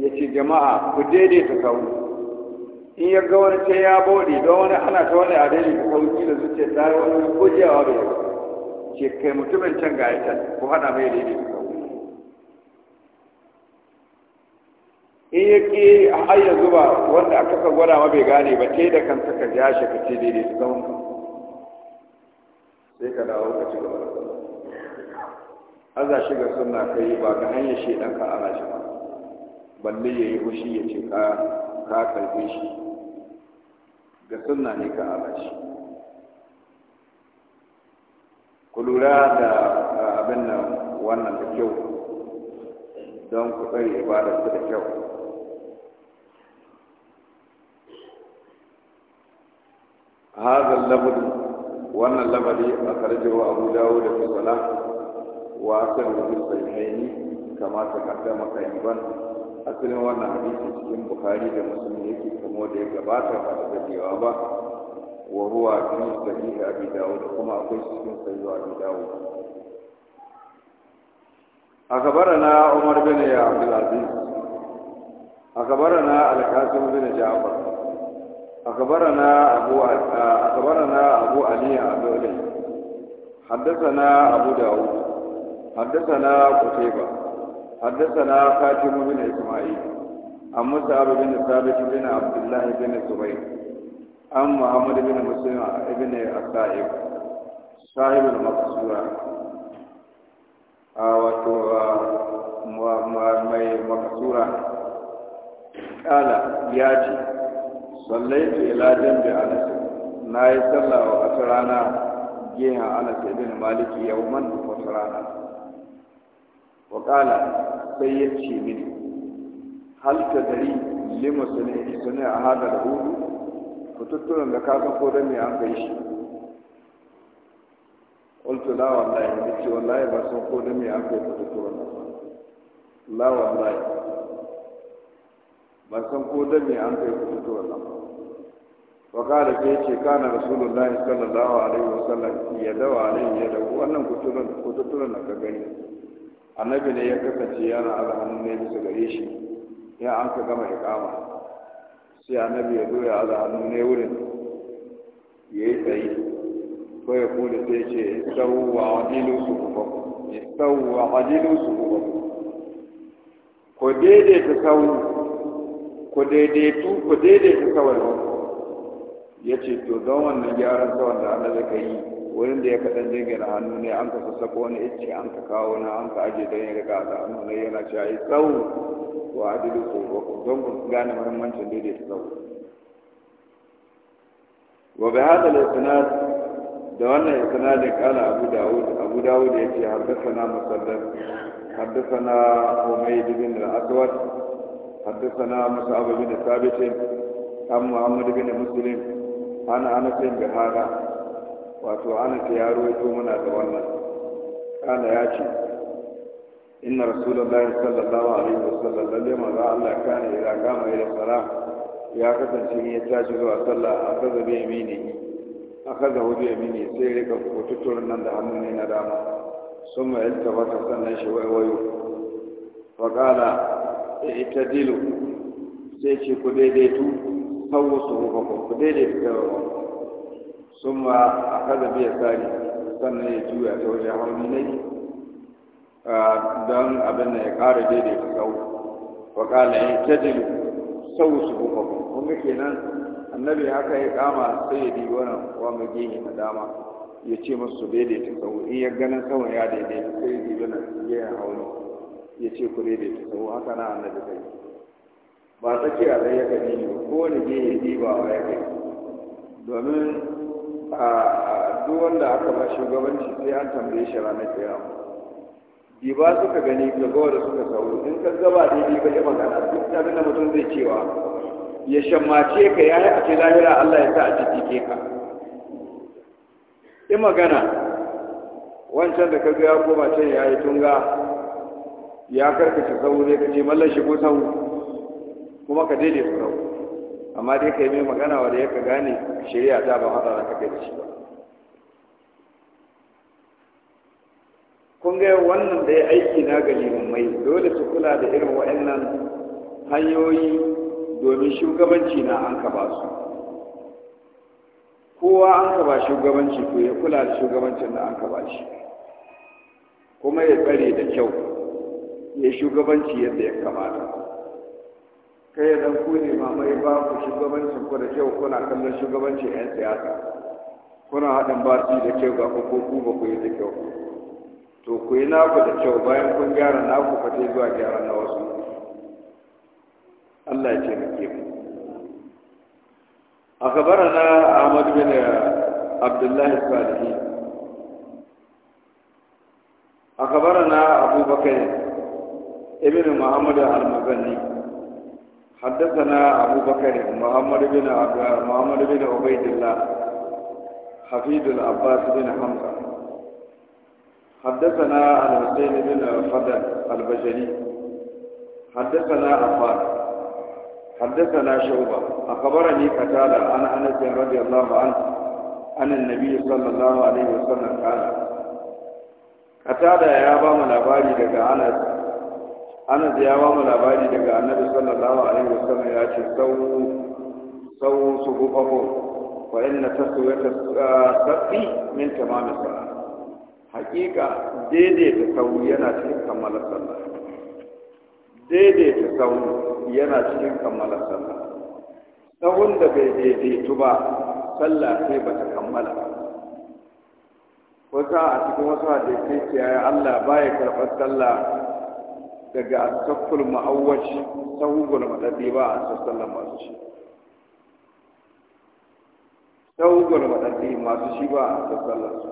[SPEAKER 1] ya ce jama'a ku daidaita kawo in ya ga wani ce ya bode don wani ana ta wani a ta kawo da zuciya ta yi wani gujewa bai ce kai mutumin can ga ya can ku haɗa mai daidaita kawo in ya ke har yanzu ba wanda aka ka gwada ma bai gane ba yi da kanta ka ja shi ka ce daidaita kawo sai ka dawo ka ci gaba da aza shiga suna kai ba ga hanyar shi ɗanka ana shi ba balle ya yi hushi ya ce ka karfe shi ga sunna ne ka haɗa shi ku lura da abin nan wannan da kyau don ku tsari ibadarsu da kyau haɗar labari wannan labari a wa abu dawo da fi sana wasan rufin sai haini kamata ka ta makayi ban asalin wannan hadisi cikin bukari da musulmi yake kamo da ya gabata ba da dadewa ba wa ruwa fi sahih dawo da kuma akwai cikin sahih a dawud akhbarana umar bin ya abdul aziz akhbarana na qasim bin ja'far akhbarana abu akhbarana abu ali abdullah حدثنا أبو haddasa na قتيبة حدثنا خاتم بن إسماعيل عن مصعب بن ثابت بن عبد الله بن زبير عن محمد بن مسلم بن الصائب صاحب المقصورة wato mai makasura kala ya ce
[SPEAKER 2] sallaitu ila jambi anas na yi sallah wa wata rana gehen anas ibn maliki yawman
[SPEAKER 1] wata rana wa kala sai ya ce mini hal ta dari lima su ne a hada da hudu fututtunan da kasa ko don ne an kai shi qultu la wallahi da ce wallahi ba sun ko don ne an kai da
[SPEAKER 2] la wallahi
[SPEAKER 1] ba san ko don ne an kai
[SPEAKER 2] da wa kada ke ce kana rasulullahi sallallahu alaihi
[SPEAKER 1] wasallam ya dawa alaihi ya dawo wannan fututtunan da ka gani annabi ne ya kasance yana aza ne bisa gare shi ya an ka gama ikama sai annabi ya zo ya aza ne wurin ya yi tsayi ko ya kula sai ce sau wa adilu su kuma sau wa adilu su kuma ko daidaita sau ko daidaitu ko daidaita sau ya ce to don wannan gyaran tsawon da annabi ka yi wurin da ya kaɗan jirgin hannu ne an ka sassako wani icce an ka kawo na an ka aje don ya riga da hannu ne yana cewa yi tsawo ko adili tsoro don ku gane muhimmancin ya tsawo wa bi hada al da wannan isnadin kana abu dawud abu dawud yace haddathana musaddad na umayd bin al-aswad musu mus'ab da thabit kan muhammadu bin muslim an anas bin bihara wato anas ya rawaito muna da wannan kana ya ce inna rasulullahi sallallahu alaihi wasallam lalle manzo Allah kana idan kama ya fara? ya kasance in ya tashi zuwa sallah a kaza bi yamini a kaza hu bi yamini sai rika kututtur nan da hannu ne na dama sun ma iltafata sannan shi waiwayo fa ita itadilu sai ce ku daidaitu sawu su ku ku daidaitu sun ma a kada biya tsari sannan ya juya ta wajen hauni ne don abin da ya ƙara daidaita sau wa ƙala ya tajilu sau su buka kuma ga kenan annabi haka ya kama sai ya dibi wannan wanga gini na dama ya ce musu su ta sau in ya ganin sau ya daidaita sai ya dibi na gehen hauni ya ce ku ta sau haka na annabi kai ba tsakiya zai ya kaji ko wani gini gehe dibawa ya kai domin a duk wanda aka ba shugabanci sai an tambaye shi ranar kiyama diba suka gani ga da suka sauro in ka gaba daidai ba ya magana duk da na mutum zai cewa ya shammace ka ya yi a ce lahira Allah ya sa a ciki ke ka in magana wancan da ka ga ya koma can ya yi tunga ya karkace sauro ne ka ce mallan shigo sauro kuma ka daidai sauro amma dai kai mai magana wa ya ka gane shari'a ta ba matsala ka kai da shi ba kun ga wannan da ya aiki na ga mai dole su kula da irin waɗannan hanyoyi domin shugabanci na an ka ba su kowa an ka ba shugabanci ko ya kula da shugabancin da an ka ba shi kuma ya tsare da kyau ya shugabanci yadda ya kamata kai ya dan kune mamaye ba ku shugabancin ku da kyau kuna kallon shugabancin 'yan siyasa kuna haɗin baki da kyau ga ko ku ba ku yi da kyau to ku yi naku da kyau bayan kun gyara naku fa sai zuwa gyara na wasu Allah ya taimake mu أخبرنا bin Abdullah عبد a kabara na Abubakar
[SPEAKER 2] بكر
[SPEAKER 1] ابن al المزني حدثنا أبو بكر محمد بن محمد بن عبيد الله حفيد العباس بن حمزة حدثنا حسين بن فضل البجلي حدثنا عفان حدثنا شعبة أخبرني قتادة عن أنس رضي الله عنه أن النبي صلى الله عليه وسلم قال قتادة يا من الأباري لك أنس ana da yawa mu labari daga annabi sallallahu alaihi wasallam ya ce sau sau su gufafu fa inna tasawata ah, sabbi min tamam salat hakika daidaita sau yana cikin kammala sallah daidaita sau yana cikin kammala sallah sahun da bai daidaitu ba sallah sai ba ta kammala wata a cikin wasu hadisai ce ya Allah baya karɓar sallah daga asaful ta sahugul madadi ba a sassallan masu shi sahugul madadi masu shi ba a sassallan su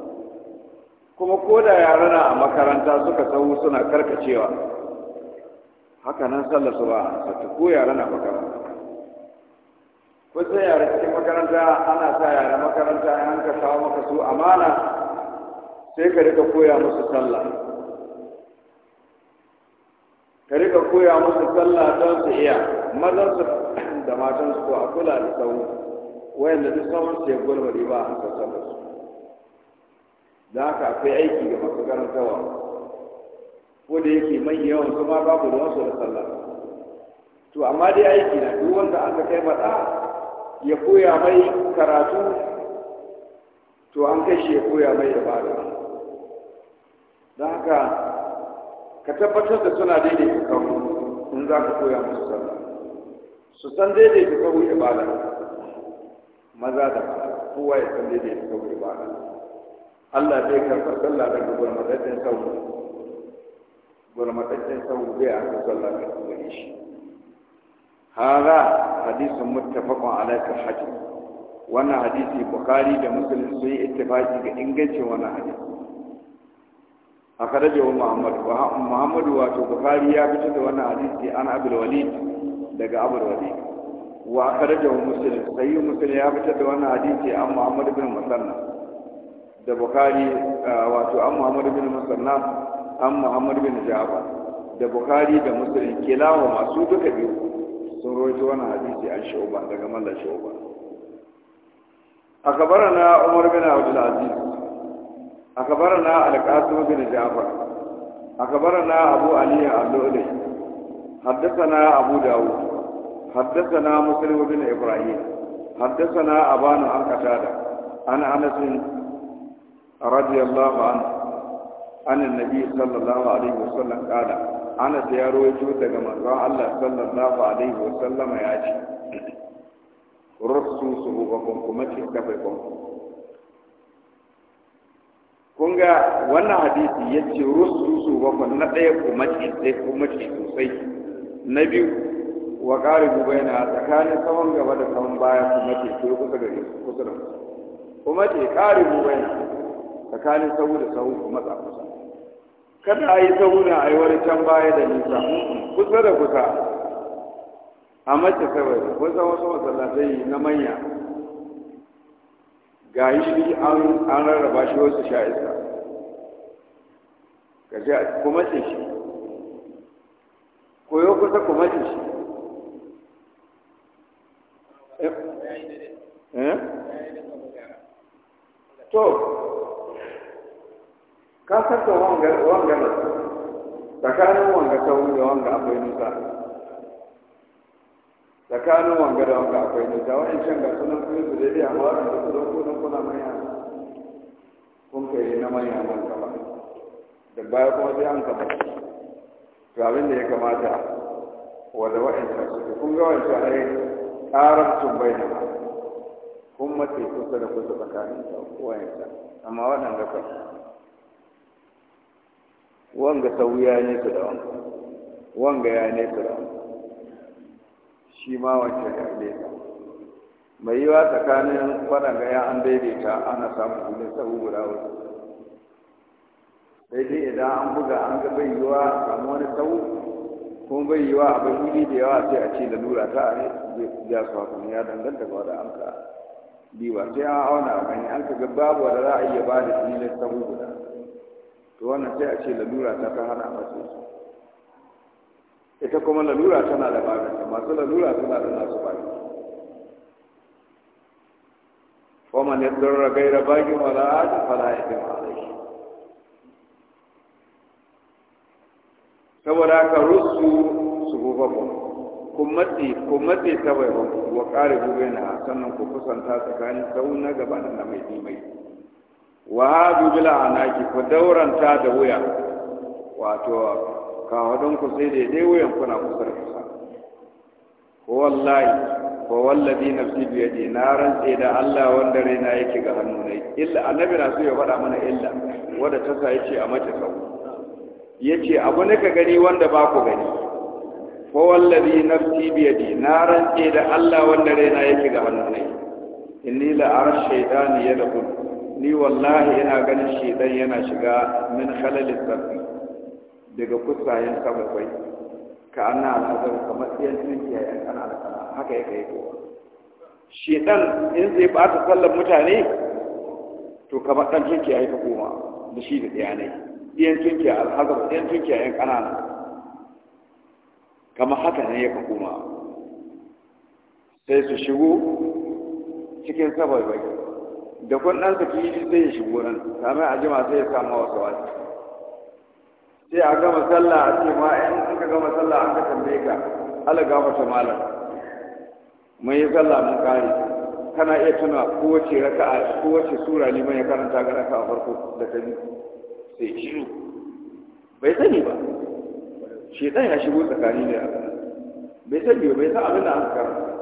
[SPEAKER 1] kuma ko da na a makaranta suka sahu suna karkacewa haka nan sallar su ba a sassallan ko na makaranta wasu yare cikin makaranta ana sa yare makaranta an ka kawo maka su amana sai ka rika koya musu sallah ka rika koya musu sallah don su iya mazan su da matan su ko a kula da sauri wayanda duk sauran su ya da ba a sassan da su da haka akwai aiki ga masu karantawa ko da yake mai yawan su ma babu da wasu da sallah to amma dai aiki na duk wanda aka kai mata ya koya mai karatu to an kai shi ya koya mai ibada don haka ka tabbatar da suna daidaita kawo in za ka koya musu sallah su san daidai daidaita kawo ibada maza da kowa ya san daidai daidaita kawo ibada Allah zai karɓar sallah daga gwarmataccen sauro gwarmataccen sauro a ka sallah da gare shi hara hadisun muttafaqun alaika hajji wannan hadisi bukhari da muslim sun yi ittifaqi ga ingancin wannan hadisi a wa muhammad muhammadu wato bukari ya fito da wannan hadisi an abul walid daga abul walid wa akhrajahu muslim sayyid muslim ya fitar da wannan hadisi an muhammad bin musanna da bukhari wato an muhammad bin musanna an muhammad bin jaba da bukhari da muslim kilawa masu duka biyu sun rawaito wannan hadisi an Shauba daga mallan shuba akabarana umar bin abdul aziz أخبرنا القاسم بن جعفر أخبرنا أبو علي اللؤلؤي حدثنا أبو داود حدثنا مسلم بن إبراهيم حدثنا أبان عن قتادة عن أنس رضي الله عنه عن النبي صلى الله عليه وسلم قال أنا سيروي جودة كما manzon Allah sallallahu alaihi wasallam ya ce rusu su hukum kuma kun ga wannan hadisi ya ce rusu su bakwai na ɗaya kuma mace sai kuma mace sosai na biyu wa ƙari gubai na tsakanin saman gaba da saman baya kuma mace ku kusa da su kusa da ku mace ƙari gubai na tsakanin sahu da sahu ku matsa kusa kada a yi sahu na a yi wani can baya da nisa kusa da kusa a mace saboda kun san wasu masallatai na manya ga yi an rarraba shi wasu sha iska ka sha kuma ce shi koyo kusa kuma ce shi
[SPEAKER 2] eh? Eh?
[SPEAKER 1] to ka da wangar tsakanin wanga sauri da wanga akwai nusa tsakanin wanga da wanga akwai da wani can ga sunan kuma su daidai amma wa'in su don kunan kuna manya
[SPEAKER 2] kun kai na manya man kama da baya kuma sai an kama
[SPEAKER 1] to abin da ya kamata wanda wani can su kun ga wancan can ai ƙarar tun bai da kun mace kusa da kusa tsakanin wa'in can amma waɗanda gasa. wanga sauya ne su da wanga wanga ya ne su da wanga shi ma wance ya daidaita mai yiwa tsakanin waɗanda ya an daidaita ana samun hulun sahu guda wasu sai dai idan an buga an ga bai yiwa a samu wani sahu kuma bai yiwa a bai wuli da yawa sai a ce da lura ta a ya su haka ya danganta ga wanda an ka diwa sai an auna a kanyi an ka ga babu wadda za a iya ba da filin sahu guda to wannan sai a ce lalura ta ta hana masu ita kuma lalura tana da magani masu lalura suna da nasu magani ومن gaira غير wala ولا عاد فلا إثم عليه saboda haka rusu su hufafun kummati kummati ta bai hukun wa kare hube na sannan ku kusanta tsakanin sau na gaba na mai dimai wa hadu bila anaki ku dauranta da wuya wato kawadon ku sai daidai wuyan kuna kusa da kusa ko wallahi ko wallazi nafsi bi yadi na rantse da Allah wanda raina yake ga hannu ne illa annabi na so ya faɗa mana illa wanda ta sa yace a mace sau yace abu ne ka gani wanda ba ku gani ko na nafsi bi yadi na rantse da Allah wanda raina yake ga hannu ne inni la arash shaytani yadkhul ni wallahi ina ganin shaytan yana shiga min khalalil sabbi daga kusayen sababai ka ana al'adar kamar tsayen tunkiya yan kanana kana haka ya kai kowa shedan in zai bata sallar mutane to kamar dan tunkiya ya koma da shi da tsayanai tsayen tunkiya alhazar tsayen tunkiya yan kanana kamar haka ne ya koma sai su shigo cikin bai da kun ɗan saki zai shigo nan sami a jima sai ya samu wasu wasu sai a gama sallah a ce ma in suka gama sallah an ka tambaye ka ala ga ta malam mun yi sallah mun kare kana iya tuna kowace a kowace sura liman ya karanta ga a farko da ta biyu
[SPEAKER 2] sai shiru bai sani ba
[SPEAKER 1] dan ya shigo tsakani da bai sani ba bai san abin da an karanta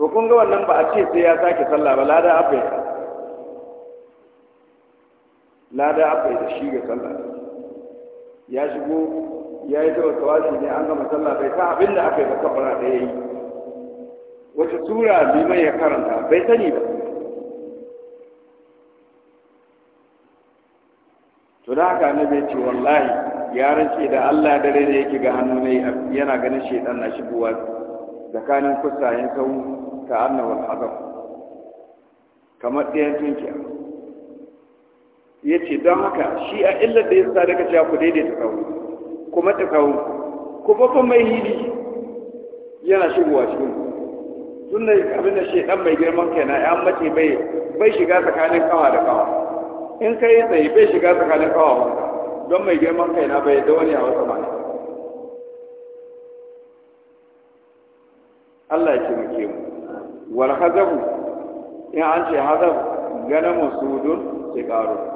[SPEAKER 1] to kun ga wannan ba a ce sai ya sake sallah ba lada abai lada yi da shi ga sallah ya shigo ya yi tawa tawashi ne an gama sallah bai san abin da aka yi ba kafara ya yi wata sura liman ya karanta bai sani ba to da haka annabi ya ce wallahi ya rance da Allah dare da yake ga hannu ne yana ganin shedan na shigowa tsakanin yin sau ta annabi al kamar ɗayan tunkiya ya ce don haka shi a illar da ya sa daga cewa ku daidai ta kawo kuma ta kawo ku fa mai hili yana shigowa cikin tun da abin da shaidan mai girman kai na ya mace bai bai shiga tsakanin kawa da kawa in kai tsaye bai shiga tsakanin kawa wanda don mai girman kai na bai da wani a wasu mana Allah ya muke mu wal hazabu in an ce hazab ganin musudun sai karo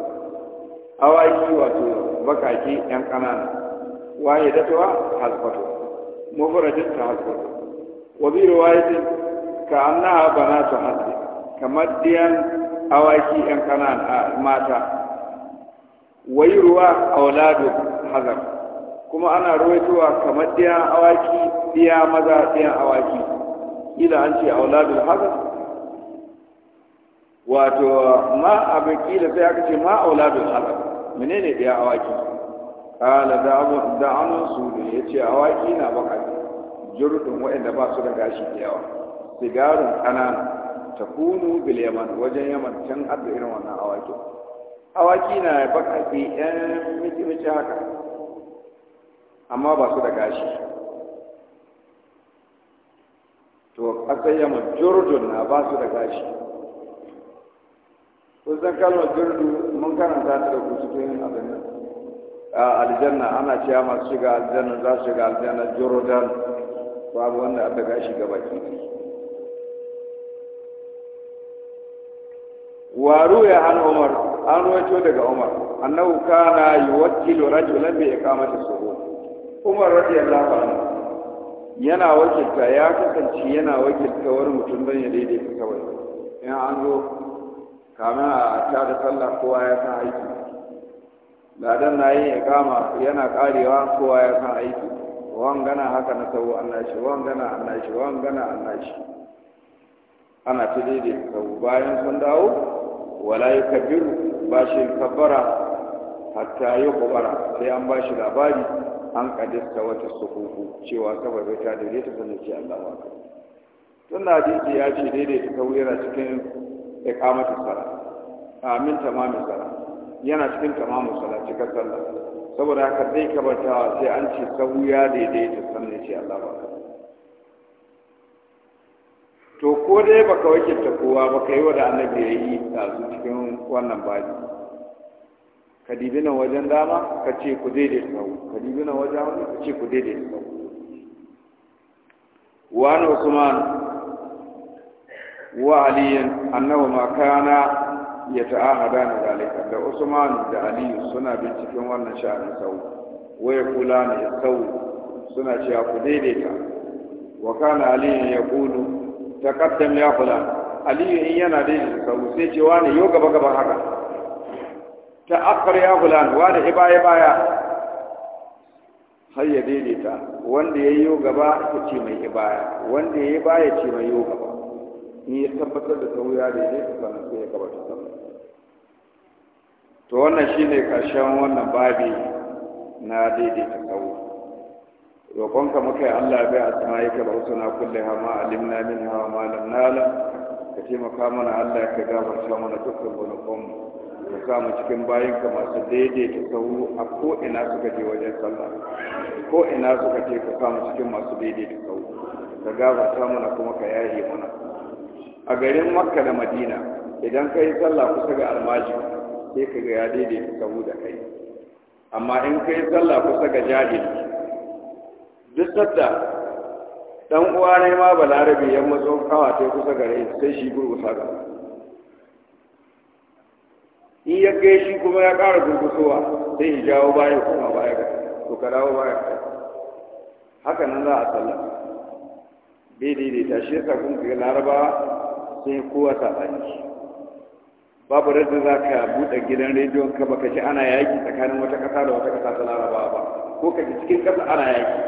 [SPEAKER 1] awaki wato bakake yan ƙanana waye da Mu fara mufradin ta hasbatu wa bi riwayatin ka annaha banatu hasbi kamar diyan awaki yan kanana mata wayi ruwa auladu hazar kuma ana ruwaitowa kamar diyan awaki diya maza diyan awaki ila an ce auladu hazar wato ma abin kila sai aka ce ma auladu hazar menene biya awaki kala da abu da anu su ne yace awaki na baka jurdun wanda ba su da gashi da yawa sigarun kanana kunu bil yaman wajen yaman can hada irin wannan awaki awaki na baka fi yan miki miki haka amma ba su da gashi to kasar yaman jurdun na ba su da gashi kusan kalmar girdu mun karanta ta da ku cikin abin aljanna ana cewa masu shiga aljanna za su shiga aljanna jordan babu wanda an gashi shiga baki waru ya hana umar an wato daga umar annahu kana yuwakkilu rajulan bi iqamati suhur umar radiyallahu anhu yana wakilta ya kasance yana wakilta wani mutum don ya daidaita kawai in an zo kamin a ta da sallah kowa ya san aiki ladan na yin kama yana karewa kowa ya san aiki gana haka na sau Allah shi gana Allah shi gana Allah shi ana ta daidai bayan sun dawo wala ya kabiru ba shi kabbara hatta yi kubara sai an ba shi labari an kadista wata sukuku cewa saboda ta daidaita sanin ce Allah wa tun da hadisi ya ce daidai ta kauyera cikin iqamatu sala amin tamamin sala yana cikin tamamin sala cikin sallah saboda haka zai kabata sai an ce sahu ya ta sanne ce Allah ba to ko dai baka wakilta kowa ba ka yi wa da annabi ya yi su cikin wannan baji ka dibi nan wajen dama ka ce ku daidaita sahu ka dibi nan wajen wani ka ce ku daidaita sahu wani usman wa aliyin annahuma kana ya ta'ahada na zalika da usman da aliyu suna binciken wannan sha'anin sau waya kula ne sau suna cewa daidaita wa kana aliyu ya kulu taqaddam ya aliyu in yana daidaita sau sai ce wani yau gaba gaba haka ta'akkar ya kula wani ibaya baya har ya daidaita wanda ya yi gaba ya ce mai ibaya wanda ya yi baya ce mai yau in ya tabbatar da sahu ya daidai su sannan sai ya gabata sannan to wannan shine karshen wannan babi na daidaita sahu roƙonka muka yi Allah bai asma yake ba wasu na kulle hama alimna min hawa malam nala ka taimaka mana Allah ka gafarta mana dukkan mu ka sa mu cikin bayanka masu daidaita sahu a ko ina suka je wajen sallah ko ina suka je ka sa mu cikin masu daidaita sahu ka gafarta mana kuma ka yaye mana a garin makka da madina idan ka yi sallah kusa ga almajin sai ka ga ya daidaita sahu da kai amma in ka yi sallah kusa ga jahili duk sadda dan uwa ne ma balarabe ya matso kawa sai kusa gare sai shi gurgusa ga in ya ga shi kuma ya ƙara gurgusowa sai ya jawo baya kuma baya ga to ka dawo baya haka nan za a sallah bai daidaita shi yasa kun ga larabawa sai yi kowa saɓani babu radda za ka buɗe gidan rediyon ka baka ci ana yaki tsakanin wata ƙasa da wata ƙasa ta laraba ba ko ka ji cikin ƙasa ana yaki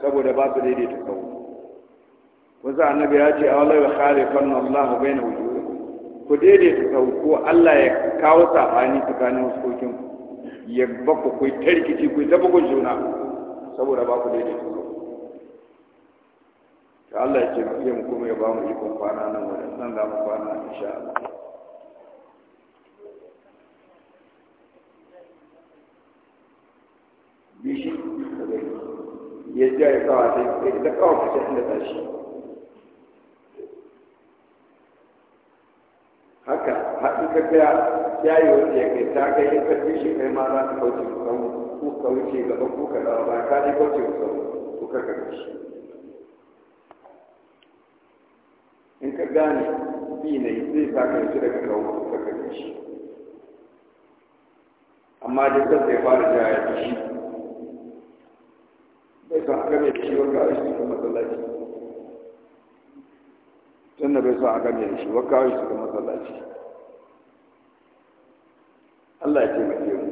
[SPEAKER 1] saboda ba su daidaita kawo wasu annabi ya ce a walai wa fannu Allah bai na wujudu ku ta kawo ko Allah ya kawo saɓani tsakanin huskokin ya baku ku kai tarkici ku ta bugun juna saboda ba ku daidaita kawo ta Allah ya taimake mu kuma ya ba mu ikon kwana nan wurin nan za mu kwana insha Allah ya ji ya kawo da kawo inda haka haɗi ka kaya ya yi wani ya kai ta kai ya karfi shi kai ma za ta kauce ku kan ku kauce gaban ku ka dawo ba ka ji kauce ku kan ku ka karfi in ka gane bi ne zai sa ka shi daga kawo ka kaje shi amma dai kan zai fara jaya da shi bai san aka mai ciwo ka shi cikin masallaci tun da bai san aka mai shi wa kawo shi cikin masallaci Allah ya taimake mu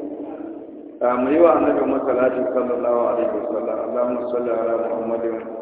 [SPEAKER 1] ah, mu yi wa annabi masallaci sallallahu alaihi wasallam Allahumma salli ala Muhammadin